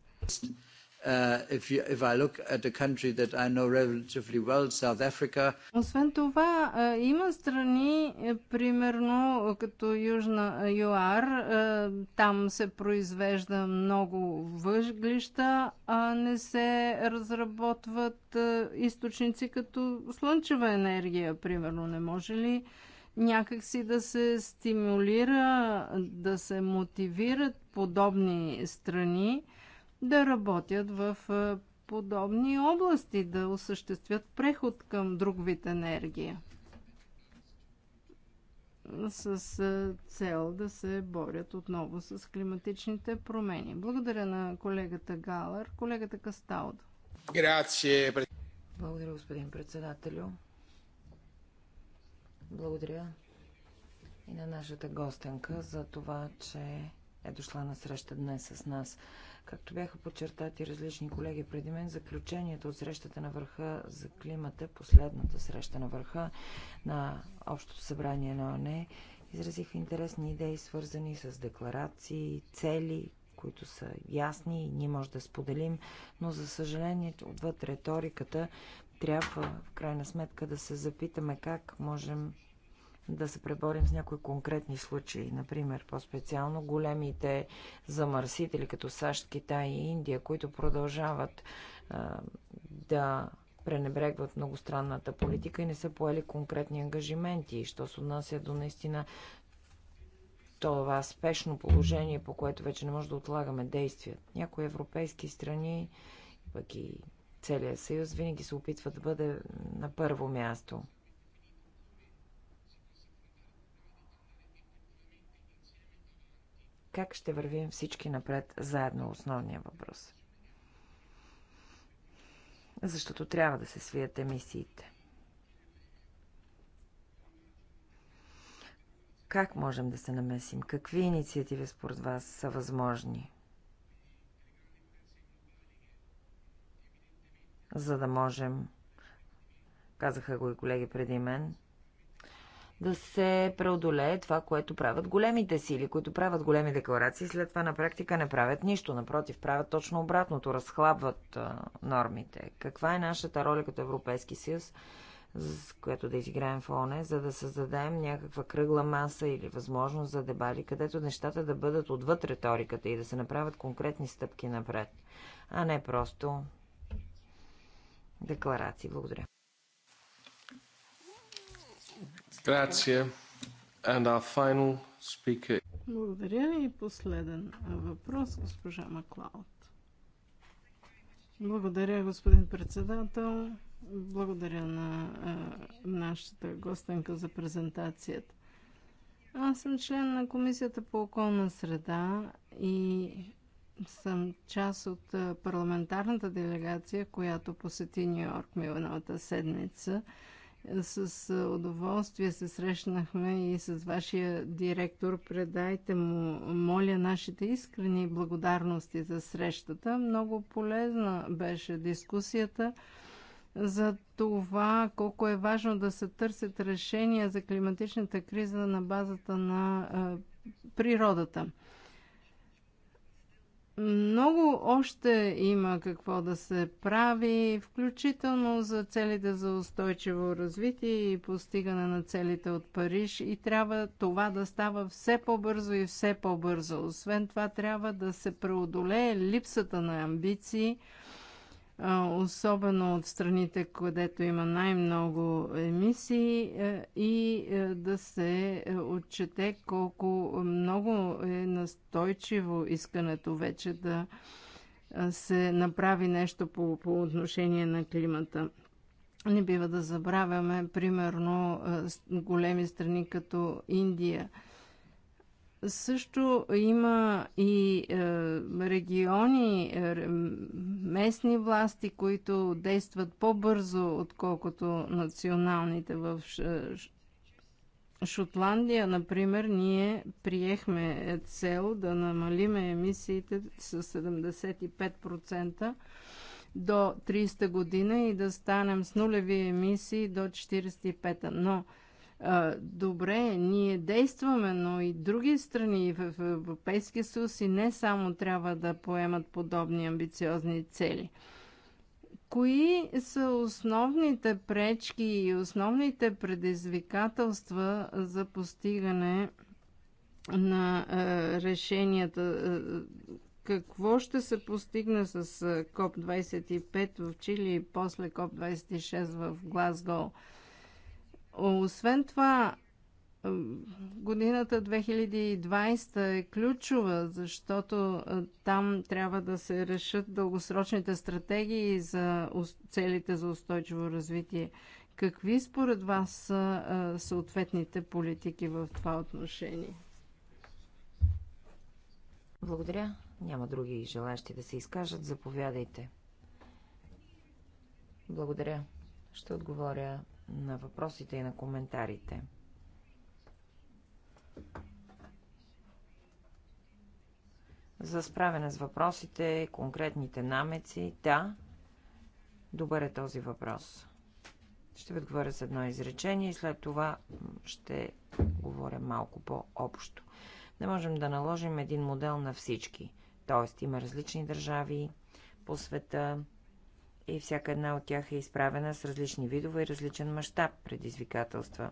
Uh, Освен това, има страни, е, примерно като Южна е, ЮАР, е, там се произвежда много въглища, а не се разработват източници като слънчева енергия, примерно. Не може ли някакси да се стимулира, да се мотивират подобни страни? да работят в подобни области, да осъществят преход към друг вид енергия с цел да се борят отново с климатичните промени. Благодаря на колегата Галър, колегата Касталдо. Благодаря, господин председателю. Благодаря и на нашата гостенка за това, че е дошла на среща днес с нас. Както бяха подчертати различни колеги преди мен, заключението от срещата на върха за климата, последната среща на върха на Общото събрание на ОНЕ, изразиха интересни идеи, свързани с декларации, цели, които са ясни и ние може да споделим, но за съжаление отвъд риториката трябва в крайна сметка да се запитаме как можем да се преборим с някои конкретни случаи. Например, по-специално големите замърсители, като САЩ, Китай и Индия, които продължават а, да пренебрегват многостранната политика и не са поели конкретни ангажименти, що се отнася до наистина това спешно положение, по което вече не може да отлагаме действия. Някои европейски страни, пък и целият съюз, винаги се опитват да бъде на първо място. как ще вървим всички напред заедно основния въпрос. Защото трябва да се свият емисиите. Как можем да се намесим? Какви инициативи според вас са възможни? За да можем, казаха го и колеги преди мен, да се преодолее това, което правят големите сили, които правят големи декларации, след това на практика не правят нищо. Напротив, правят точно обратното, разхлабват а, нормите. Каква е нашата роля като Европейски съюз, с която да изиграем в ОНЕ, за да създадем някаква кръгла маса или възможност за дебали, където нещата да бъдат отвъд риториката и да се направят конкретни стъпки напред, а не просто декларации. Благодаря. Грация. And our final speaker. Благодаря и последен въпрос, госпожа Маклауд. Благодаря, господин председател. Благодаря на нашата гостенка за презентацията. Аз съм член на Комисията по околна среда и съм част от парламентарната делегация, която посети Нью Йорк миналата седмица. С удоволствие се срещнахме и с вашия директор. Предайте му, моля, нашите искрени благодарности за срещата. Много полезна беше дискусията за това колко е важно да се търсят решения за климатичната криза на базата на природата. Много още има какво да се прави, включително за целите за устойчиво развитие и постигане на целите от Париж и трябва това да става все по-бързо и все по-бързо. Освен това трябва да се преодолее липсата на амбиции – особено от страните, където има най-много емисии е, и е, да се е, отчете колко много е настойчиво искането вече да се направи нещо по, по отношение на климата. Не бива да забравяме, примерно, големи страни като Индия – също има и е, региони, е, местни власти, които действат по-бързо, отколкото националните в Шотландия, например, ние приехме е, цел да намалиме емисиите с 75% до 300 година и да станем с нулеви емисии до 45-та. Но добре, ние действаме, но и други страни в Европейския съюз и не само трябва да поемат подобни амбициозни цели. Кои са основните пречки и основните предизвикателства за постигане на решенията? Какво ще се постигне с КОП-25 в Чили и после КОП-26 в Глазгол? Освен това, годината 2020 е ключова, защото там трябва да се решат дългосрочните стратегии за целите за устойчиво развитие. Какви според вас са съответните политики в това отношение? Благодаря. Няма други желащи да се изкажат. Заповядайте. Благодаря. Ще отговоря на въпросите и на коментарите. За справяне с въпросите, конкретните намеци, да, добър е този въпрос. Ще ви отговоря с едно изречение и след това ще говоря малко по-общо. Не можем да наложим един модел на всички. Тоест има различни държави по света, и всяка една от тях е изправена с различни видове и различен мащаб предизвикателства.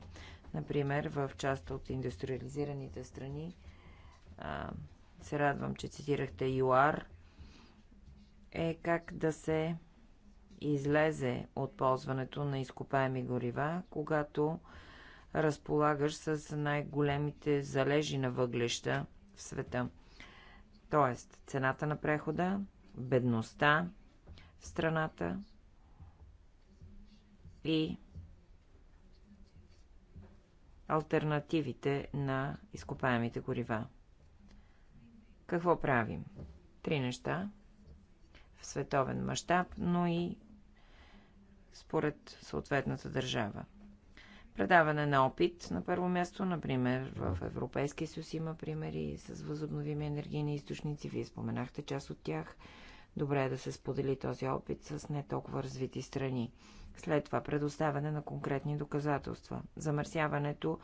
Например, в част от индустриализираните страни, а, се радвам, че цитирахте ЮАР, е как да се излезе от ползването на изкопаеми горива, когато разполагаш с най-големите залежи на въглеща в света. Тоест, цената на прехода, бедността, в страната и альтернативите на изкопаемите горива. Какво правим? Три неща в световен мащаб, но и според съответната държава. Предаване на опит на първо място, например, в Европейския съюз има примери с възобновими енергийни източници. Вие споменахте част от тях – Добре е да се сподели този опит с не толкова развити страни. След това предоставяне на конкретни доказателства. Замърсяването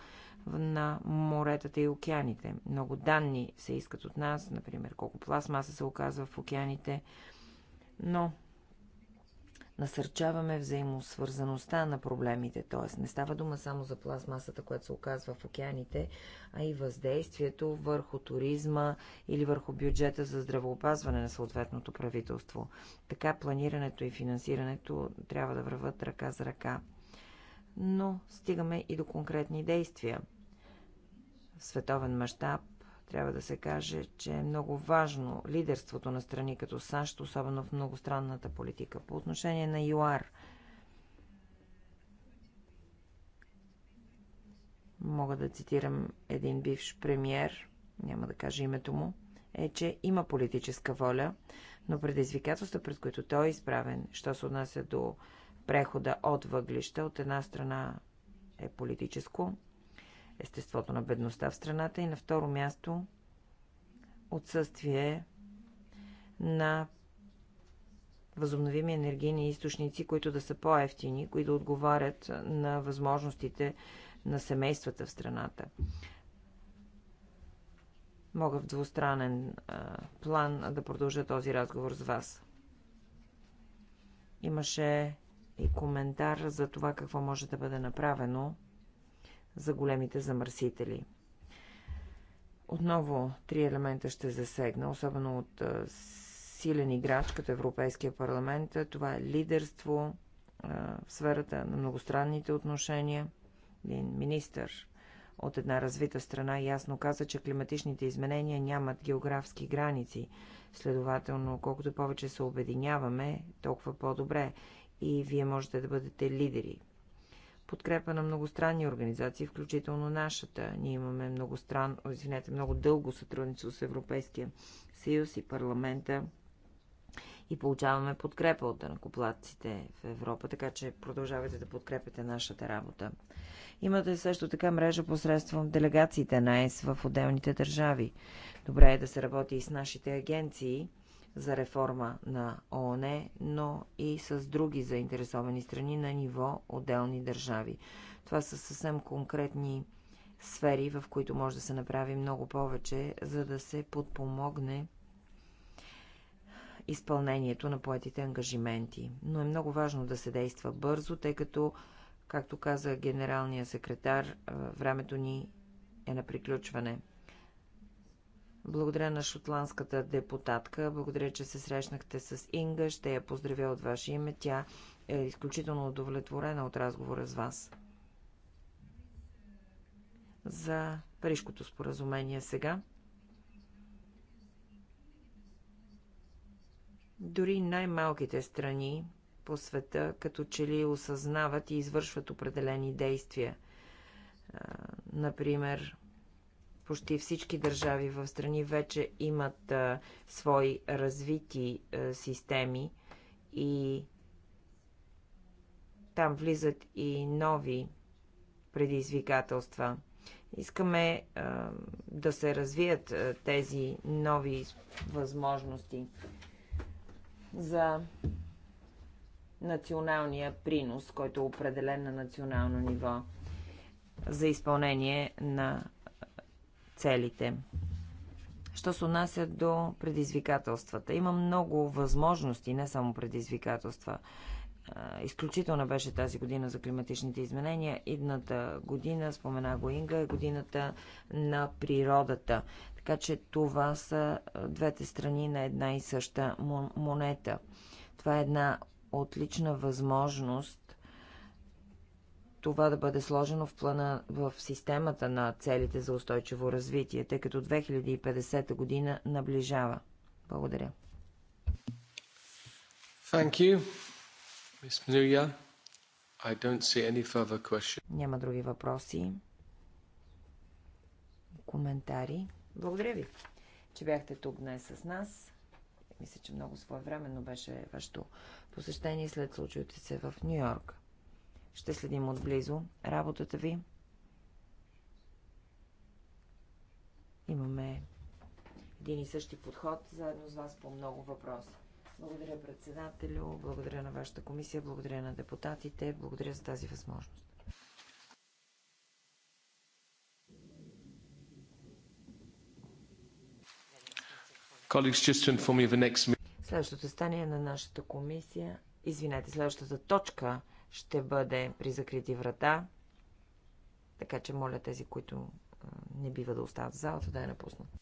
на моретата и океаните. Много данни се искат от нас, например колко пластмаса се оказва в океаните, но насърчаваме взаимосвързаността на проблемите, т.е. не става дума само за пластмасата, която се оказва в океаните, а и въздействието върху туризма или върху бюджета за здравеопазване на съответното правителство. Така планирането и финансирането трябва да върват ръка за ръка. Но стигаме и до конкретни действия. В световен мащаб трябва да се каже, че е много важно лидерството на страни като САЩ, особено в многостранната политика. По отношение на ЮАР, мога да цитирам един бивш премьер, няма да кажа името му, е, че има политическа воля, но предизвикателства, пред които той е изправен, що се отнася до прехода от въглища, от една страна е политическо, естеството на бедността в страната и на второ място отсъствие на възобновими енергийни източници, които да са по-ефтини, които да отговарят на възможностите на семействата в страната. Мога в двустранен а, план да продължа този разговор с вас. Имаше и коментар за това какво може да бъде направено за големите замърсители. Отново три елемента ще засегна, особено от силен играч като Европейския парламент. Това е лидерство в сферата на многостранните отношения. Един министър от една развита страна ясно каза, че климатичните изменения нямат географски граници. Следователно, колкото повече се обединяваме, толкова по-добре. И вие можете да бъдете лидери подкрепа на многостранни организации, включително нашата. Ние имаме многостран, извинете, много дълго сътрудничество с Европейския съюз и парламента и получаваме подкрепа от данакоплатците в Европа, така че продължавайте да подкрепите нашата работа. Имате също така мрежа посредством делегациите на ЕС в отделните държави. Добре е да се работи и с нашите агенции, за реформа на ООН, но и с други заинтересовани страни на ниво отделни държави. Това са съвсем конкретни сфери, в които може да се направи много повече, за да се подпомогне изпълнението на поетите ангажименти. Но е много важно да се действа бързо, тъй като, както каза генералния секретар, времето ни е на приключване. Благодаря на шотландската депутатка. Благодаря, че се срещнахте с Инга. Ще я поздравя от ваше име. Тя е изключително удовлетворена от разговора с вас. За Парижкото споразумение сега. Дори най-малките страни по света като че ли осъзнават и извършват определени действия. Например, почти всички държави в страни вече имат а, свои развити а, системи и там влизат и нови предизвикателства. Искаме а, да се развият а, тези нови възможности за националния принос, който е определен на национално ниво за изпълнение на целите. Що се отнася до предизвикателствата? Има много възможности, не само предизвикателства. Изключителна беше тази година за климатичните изменения. Идната година, спомена го Инга, е годината на природата. Така че това са двете страни на една и съща монета. Това е една отлична възможност това да бъде сложено в, плана, в системата на целите за устойчиво развитие, тъй като 2050 година наближава. Благодаря. Thank you. Ms. Nuya. I don't see any further question. Няма други въпроси. Коментари. Благодаря ви, че бяхте тук днес с нас. Мисля, че много своевременно беше вашето посещение след случилите се в Нью-Йорк. Ще следим отблизо работата ви. Имаме един и същи подход заедно с вас по много въпроси. Благодаря председателю, благодаря на вашата комисия, благодаря на депутатите, благодаря за тази възможност. Следващото стане на нашата комисия, извинете, следващата точка ще бъде при закрити врата. Така че моля тези, които не бива да остават в залата, да я напуснат.